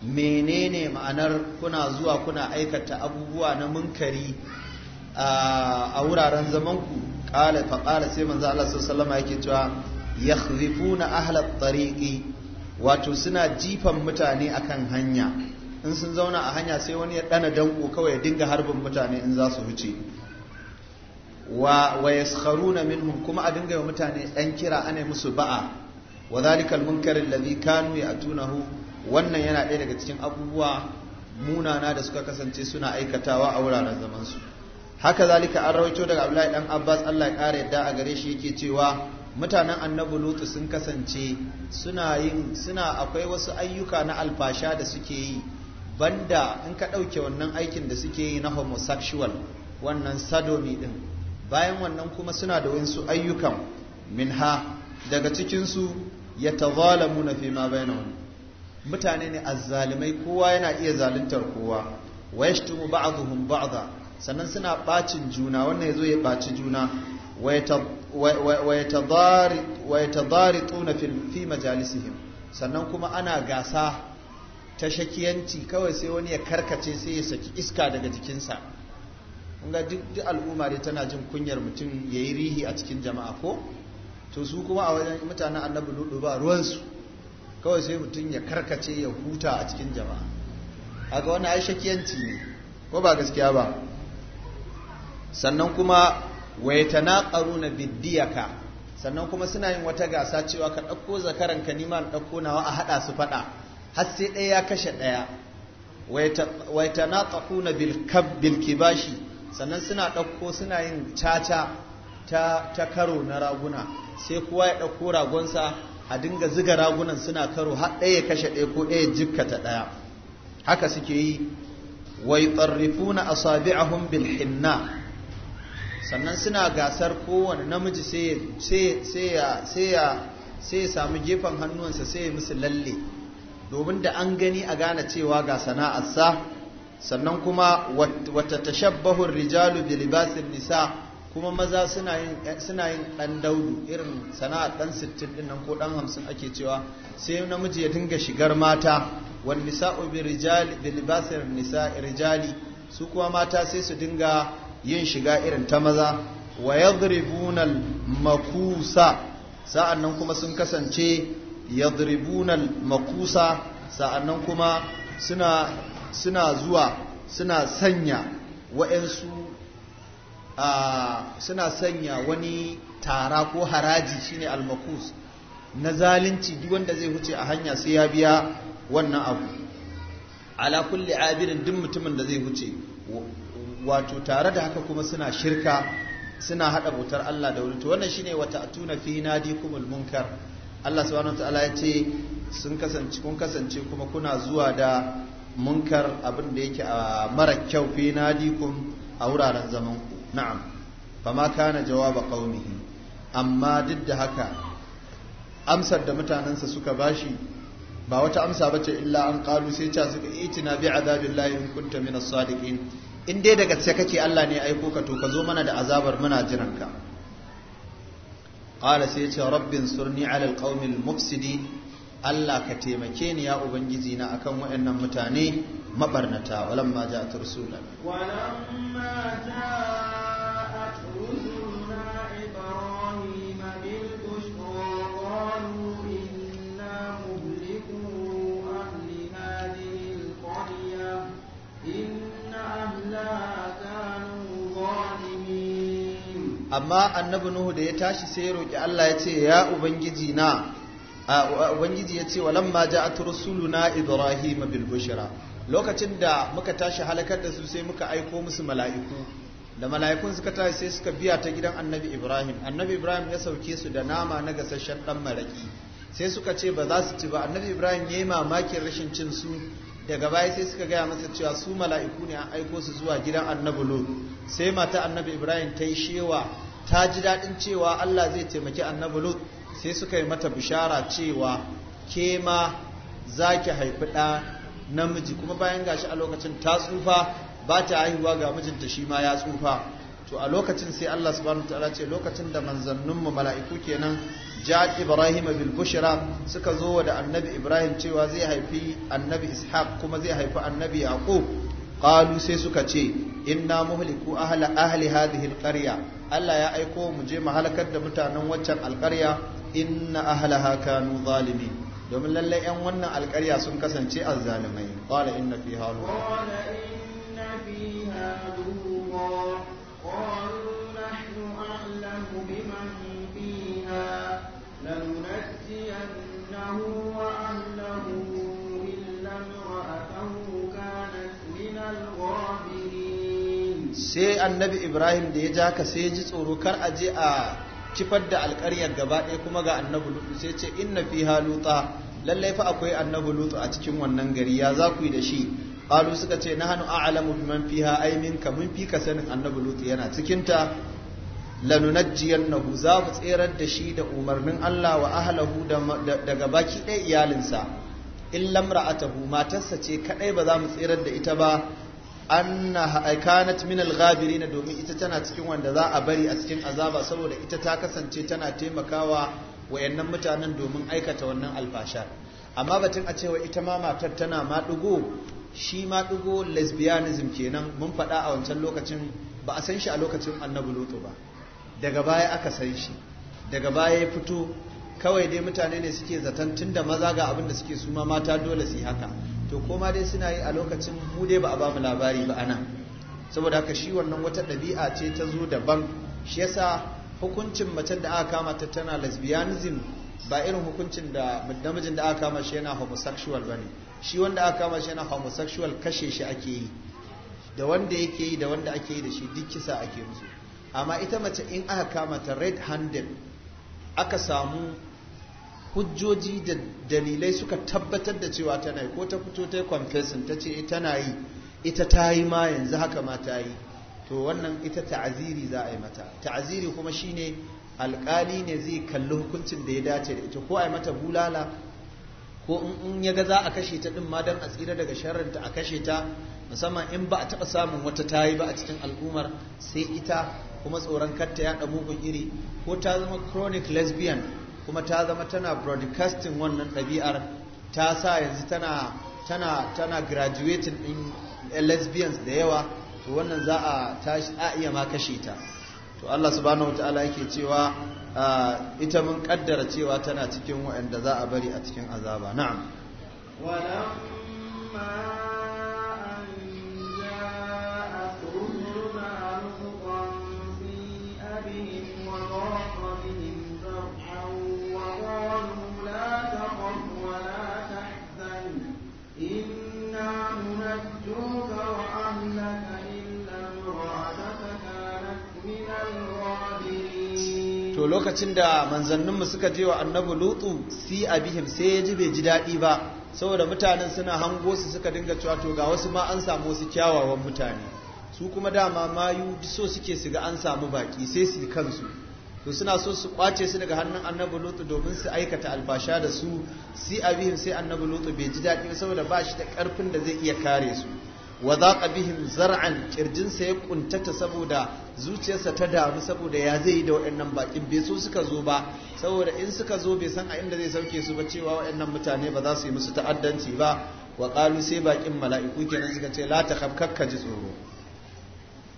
menene ma'anar kuna zuwa kuna aikata abubuwa na munkari a wuraren zaman ku qala fa qala sai manzo Allah sallallahu alaihi yake cewa yakhrifuna ahla tariqi wato suna jifan mutane akan hanya in sun zauna a hanya sai wani ya dana danko kawai ya dinga harbin mutane in za su wuce wa wa yaskharuna minhum kuma a dinga wa mutane ɗan kira ana musu ba'a wa zalikal munkar alladhi kanu tunahu, wannan yana ɗaya daga cikin abubuwa munana da suka kasance suna aikatawa a wuraren zaman su haka zalika an rawaito daga Abdullahi dan Abbas Allah ya kare yadda a gare shi yake cewa mutanen annabi Lutu sun kasance suna yin suna akwai wasu ayyuka na alfasha da suke yi banda in ka ɗauke wannan aikin da suke yi na homosexual wannan sadomi din bayan wannan kuma suna da wayansu ayyukan minha daga cikinsu ya tazalamu na fi ma wani. mutane ne azzalimai kowa yana iya zaluntar kowa wa yashtumu ba'dhum ba'dha sannan suna bacin juna wannan yazo ya baci juna wa yatadarituna fi majalisihim sannan kuma ana gasa ta shakiyanci kawai sai wani ya karkace sai ya saki iska daga jikinsa ga duk al'umma dai tana jin kunyar mutum ya yi rihi a cikin jama'a ko to su kuma a wajen mutanen annabi ludu ba ruwansu kawai sai mutum ya karkace ya huta a cikin jama'a ga wani aishakiyanci ne ko ba gaskiya ba sannan kuma ta wa na biddiyaka sannan kuma suna yin wata gasa cewa ka ɗauko zakaran ka nima na ɗauko nawa a haɗa su faɗa har sai ɗaya ya kashe ɗaya ta na yatanaquna bil Bilkibashi? sannan suna ɗauko suna yin caca ta, karo na raguna sai kowa ya ɗauko ragonsa a dinga ziga ragunan suna karo har ɗaya kashe ɗaya ko ɗaya jikkata ɗaya haka suke yi wai na asabi a bil hinna sannan suna gasar kowane namiji sai ya sami gefen hannuwansa sai ya musu lalle domin da an gani a gane cewa ga sana'arsa sannan kuma wata tashabbahun rijalu bi libasin nisa kuma maza suna yin suna yin dan daudu irin sana'a dan 60 din nan ko dan 50 ake cewa sai namiji ya dinga shigar mata wan nisa'u bi rijali bi libasin nisa rijali su kuma mata sai su dinga yin shiga irin ta maza wa yadribuna makusa sa'annan kuma sun kasance yadribuna makusa sa'annan kuma suna suna zuwa suna sanya waɗansu suna sanya wani tara ko haraji shine almakus na zalunci duk wanda zai huce a hanya sai ya biya wannan abu ala kulli abirin duk mutumin da zai huce wato tare da haka kuma suna shirka suna hada bautar Allah da wuri to wannan shine wata atuna fi kumul munkar Allah subhanahu wataala ya ce sun kasance kun kasance kuma kuna zuwa da munkar abin da yake a mara kyau fi nadikum a wuraren zaman ku na'am ma kana jawaba qaumihi amma duk da haka amsar da mutanensa suka bashi ba wata amsa bace illa an qalu sai ta suka itina bi azabillahi in kunta min as-sadiqin in dai daga ce kake Allah ne aiko ka to ka zo mana da azabar muna jiranka qala sai ya ce rabbin surni ala al-qaumil mufsidin Allah ka taimake ni ya ubangiji na akan waɗannan mutane mabarnata walam ma ja walamma amma annabi nuhu da ya tashi sai ya roki Allah ya ce ya ubangiji na ubangiji ya ce walamma ja'at rusuluna ibrahim bil bushra lokacin da muka tashi halakar da su sai muka aiko musu mala'iku da mala'ikun suka tashi sai suka biya ta gidan annabi ibrahim annabi ibrahim ya sauke su da nama na gasasshen dan maraki sai suka ce ba za su ci ba annabi ibrahim ya yi mamakin rashin cin su daga baya sai suka gaya masa cewa su mala'iku ne an aiko su zuwa gidan annabi lut sai mata annabi ibrahim ta yi shewa ta ji daɗin cewa allah zai taimaki annabi lut sai suka yi mata bishara cewa ke ma za ki haifi ɗa namiji kuma bayan gashi a lokacin ta tsufa ba ta haihuwa ga mijinta shi ma ya tsufa to a lokacin sai Allah subhanahu wataala ce lokacin da manzanninmu mala'iku kenan ja ibrahim bil bushra suka zo da annabi ibrahim cewa zai haifi annabi ishaq kuma zai haifi annabi yaqub qalu sai suka ce inna muhliku ahla ahli hadhihi al Allah ya aiko mu je mu halakar da mutanen waccan alƙarya inna ahlaha kanu zalimin domin lalle yan wannan alƙarya sun kasance azzalimai qala inna fiha qala inna fiha sai annabi ibrahim da ya ja ka sai ji tsoro kar a je a kifar da alƙaryar gaba ɗaya kuma ga annabi lutu sai ce inna fi haluta lallai fa akwai annabi lutu a cikin wannan gari ya za ku yi da shi qalu suka ce na nahnu a'lamu man fiha ay minka mun fi ka sanin annabi lutu yana cikin ta lanunajjiyannahu za mu tserar da shi da umarnin Allah wa ahlahu daga baki ɗaya iyalinsa in lamra'atahu matarsa ce kadai ba za mu tserar da ita ba anna kanat min al-ghabirin domin ita tana cikin wanda za a bari a cikin azaba saboda ita ta kasance tana taimakawa wayannan mutanen domin aikata wannan alfasha amma batun a cewa ita ma matar tana maɗigo shi maɗigo lesbianism kenan mun faɗa a wancan lokacin ba a san shi a lokacin annabi lutu ba daga baya aka san shi daga baya ya fito kawai dai mutane ne suke zaton tunda maza ga abin da suke suma mata dole su yi haka to koma dai suna yi a lokacin mu dai ba a bamu labari ba ana saboda haka shi wannan wata ɗabi'a ce ta zo daban shi yasa hukuncin mace da aka kama ta tana lesbianism ba irin hukuncin da namijin da aka kama shi yana homosexual bane shi wanda aka kama shi yana homosexual kashe shi ake yi da wanda yake yi da wanda ake yi da shi duk kisa ake musu amma ita mace in aka kama ta red handed aka samu hujjoji da dalilai suka tabbatar da cewa tana yi ko ta fito ta yi confessing ta ce eh, na yi ita ta yi ma yanzu haka ma ta yi to wannan ita ta'aziri za a yi mata ta'aziri kuma shine alkali ne zai kalli hukuncin da ya dace da ita ko a yi mata bulala ko in ya ga za a kashe ta din ma dan a tsira daga sharrinta a kashe ta musamman in ba a taɓa samun wata ta yi ba a cikin al'ummar sai ita kuma tsoron kar ta yaɗa mugun iri ko ta zama chronic lesbian kuma ta zama tana broadcasting wannan ɗabi'ar ta sa yanzu tana tana tana graduating ɗin lesbians da yawa to wannan za a tashi a iya ma kashe ta to Allah subhanahu wataala yake cewa ita mun kaddara cewa tana cikin waanda za a bari a cikin azaba na'am walamma lokacin da manzanninmu suka je wa annabi lutu si abihim sai ya ji bai ji daɗi ba saboda mutanen suna hango su suka dinga cewa to ga wasu ma an samu wasu kyawawan mutane su kuma dama mayu so suke su ga an samu baki sai su kansu to suna so su kwace su daga hannun annabi lutu domin su aikata albasha da su si abihim sai annabi lutu bai ji daɗi ba saboda ba shi da ƙarfin da zai iya kare su wa zaqa bihim zar'an kirjinsa ya kuntata saboda zuciyarsa ta damu saboda ya zai yi da waɗannan bakin bai so suka zo ba saboda in suka zo bai san a inda zai sauke su ba cewa waɗannan mutane ba za su yi musu ta'addanci ba wa qalu sai bakin mala'iku kenan suka ce la ta kakka ji tsoro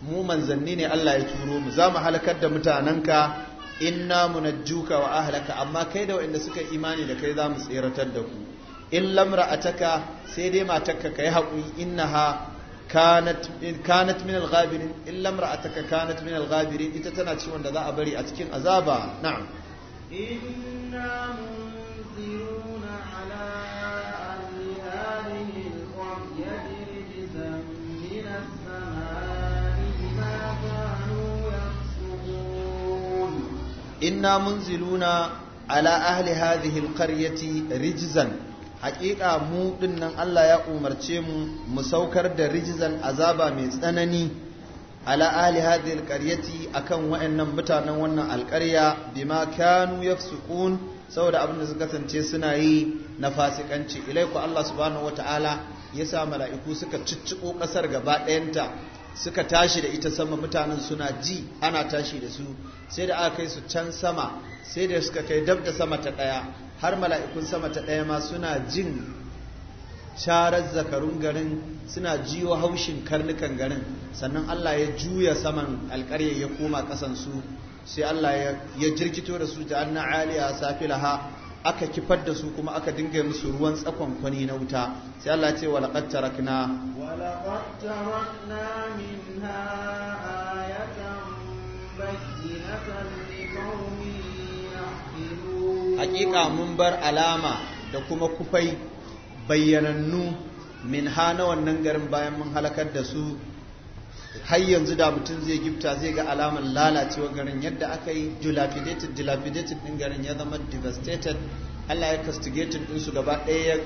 mu manzanni ne Allah ya turo mu za mu halakar da mutanenka inna munajjuka wa ahlaka amma kai da waɗanda suka imani da kai za mu tseratar da ku in lamra ataka sai dai matarka kai haƙuri innaha kanat kanat min al-ghabirin illa imra'ataka kanat min al ita tana ciwon da za a bari a cikin azaba na'am inna munziruna ala ahli hadhihi al-qaryati min ahli hakika mu dinnan Allah ya umarce mu mu saukar da rijizan azaba mai tsanani ala ahli hadhihi alqaryati akan wa'annan mutanen wannan alƙarya bima kanu yafsukun saboda abin da suka kasance suna yi na fasikanci ilaiku Allah subhanahu wataala ya mala'iku suka cicciko ƙasar gaba ɗayanta suka tashi da ita sama mutanen suna ji ana tashi da su sai da aka kai su can sama sai da suka kai dab da sama ta ɗaya har mala'ikun sama ta ɗaya ma suna jin sharar zakarun garin suna jiwo haushin karnukan garin sannan Allah ya juya saman alƙarya ya koma ƙasansu sai Allah ya jirgito da su da a safi laha aka kifar da su kuma aka dinga musu ruwan tsakon kwani na wuta sai Allah ya ce wa laqad tarakna wa laqad tarakna minha hakika mun bar alama da kuma kufai bayyanannu min hana wannan garin bayan mun halakar da su har yanzu da mutum zai gifta zai ga alamar lalacewa garin yadda aka yi dilapidated dilapidated din garin ya zama devastated Allah ya castigated din su gaba ɗaya ya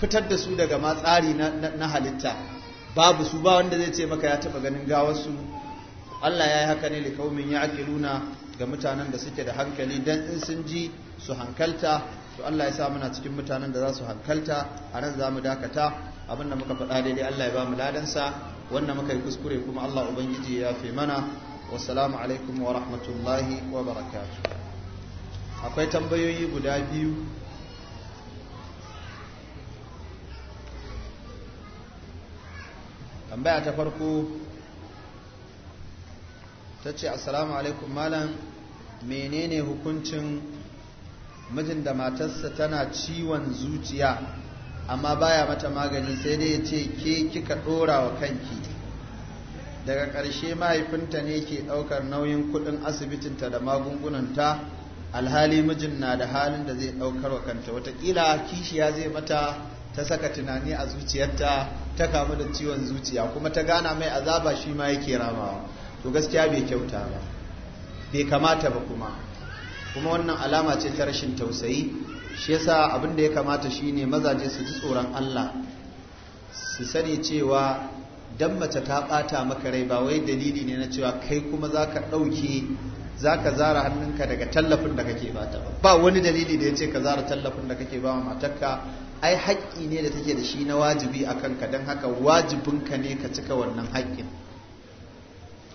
fitar da su daga ma tsari na halitta babu su ba wanda zai ce maka ya taɓa ganin gawarsu Allah ya yi haka ne likaumin ya ake akiluna ga mutanen da suke da hankali dan in sun ji su hankalta to Allah ya sa muna cikin mutanen da za su hankalta a nan za mu dakata abin da muka faɗa daidai Allah ya ba mu ladansa wannan muka yi kuskure kuma Allah ubangiji ya fi mana wassalamu alaikum wa rahmatullahi wa barakatu. akwai tambayoyi guda biyu tambaya ta farko ta ce assalamu alaikum malam menene hukuncin mijin da matarsa tana ciwon zuciya amma baya mata magani sai dai ya ce ke kika dora wa kanki daga karshe mahaifinta ne ke ɗaukar nauyin kuɗin asibitinta da magungunanta alhali mijin na da halin da zai ɗaukar wa kanta watakila kishiya zai mata ta saka tunani a zuciyarta ta kamu da ciwon zuciya kuma ta gana mai azaba shi ma yake ramawa to gaskiya bai kyauta ba bai kamata ba kuma kuma wannan alama ce ta rashin tausayi shi yasa abin da ya kamata shine mazaje su ji tsoron Allah su sani cewa dan mace ta bata maka rai ba wai dalili ne na cewa kai kuma zaka dauke zaka zara hannunka daga tallafin da kake bata ba ba wani dalili da yace ka zara tallafin da kake ba matarka ai haƙƙi ne da take da shi na wajibi akan ka dan haka wajibinka ne ka cika wannan haƙƙin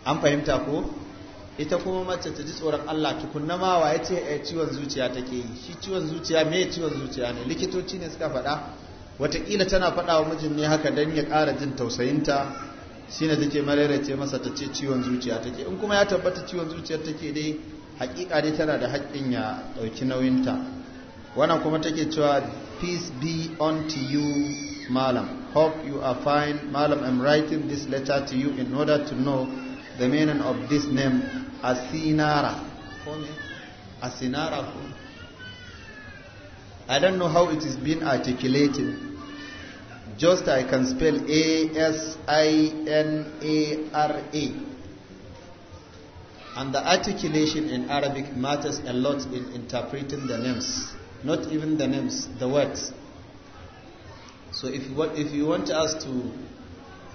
an fahimta ko ita kuma mace ta ji tsoron Allah tukunna ma wa yace eh ciwon zuciya take yi shi ciwon zuciya me ciwon zuciya ne likitoci ne suka faɗa wataƙila tana faɗa wa mijin ne haka dan ya ƙara jin tausayinta shi ne take mararace masa ta ce ciwon zuciya take in kuma ya tabbata ciwon zuciyar take dai haƙiƙa dai tana da haƙƙin ya ɗauki ta wannan kuma take cewa peace be unto you malam hope you are fine malam i'm writing this letter to you in order to know the meaning of this name Asinara. Asinara. I don't know how it is being articulated. Just I can spell A S I N A R A. And the articulation in Arabic matters a lot in interpreting the names. Not even the names, the words. So if you, if you want us to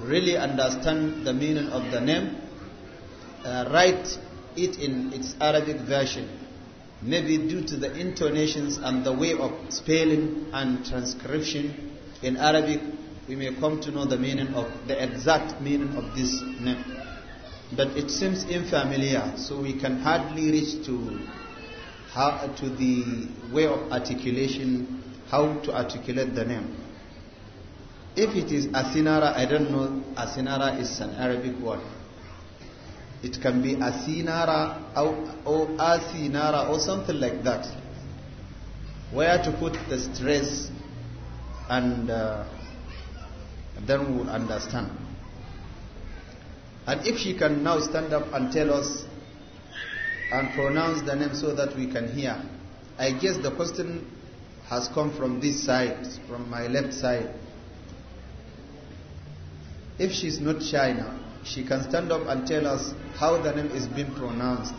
really understand the meaning of the name, uh, write it in its Arabic version, maybe due to the intonations and the way of spelling and transcription in Arabic, we may come to know the meaning of the exact meaning of this name. But it seems unfamiliar, so we can hardly reach to how, to the way of articulation, how to articulate the name. If it is Asinara, I don't know Asinara is an Arabic word. It can be a sinara or, or a sinara or something like that. Where to put the stress and uh, then we will understand. And if she can now stand up and tell us and pronounce the name so that we can hear. I guess the question has come from this side, from my left side. If she's not shy now, she can stand up and tell us how the name is being pronounced.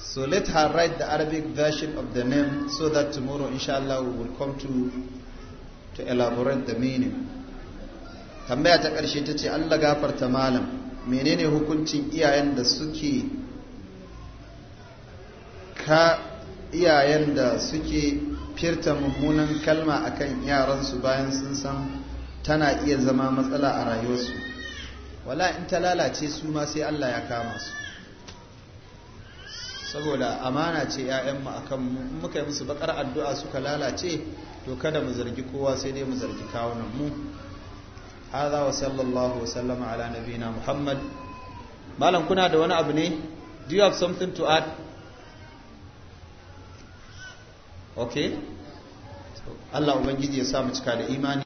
So let her write the Arabic version of the name so that tomorrow, inshallah, we will come to, to elaborate the meaning. Tambaya ta ƙarshe ta ce, Allah gafarta malam, menene hukuncin iyayen da suke ka iyayen da suke firta mummunan kalma akan yaransu bayan sun san tana iya zama matsala a rayuwarsu wala in ta lalace su ma sai Allah ya kama su saboda amana ce 'ya'yanmu a kan muka yi musu bakar addu'a suka lalace to kada mu zargi kowa sai dai mu zargi kawunan mu haza wa sallallahu wasallama ala nabina muhammad malam kuna da wani abu ne do you have something to add okay Allah Ubangiji ya sa mu cika da imani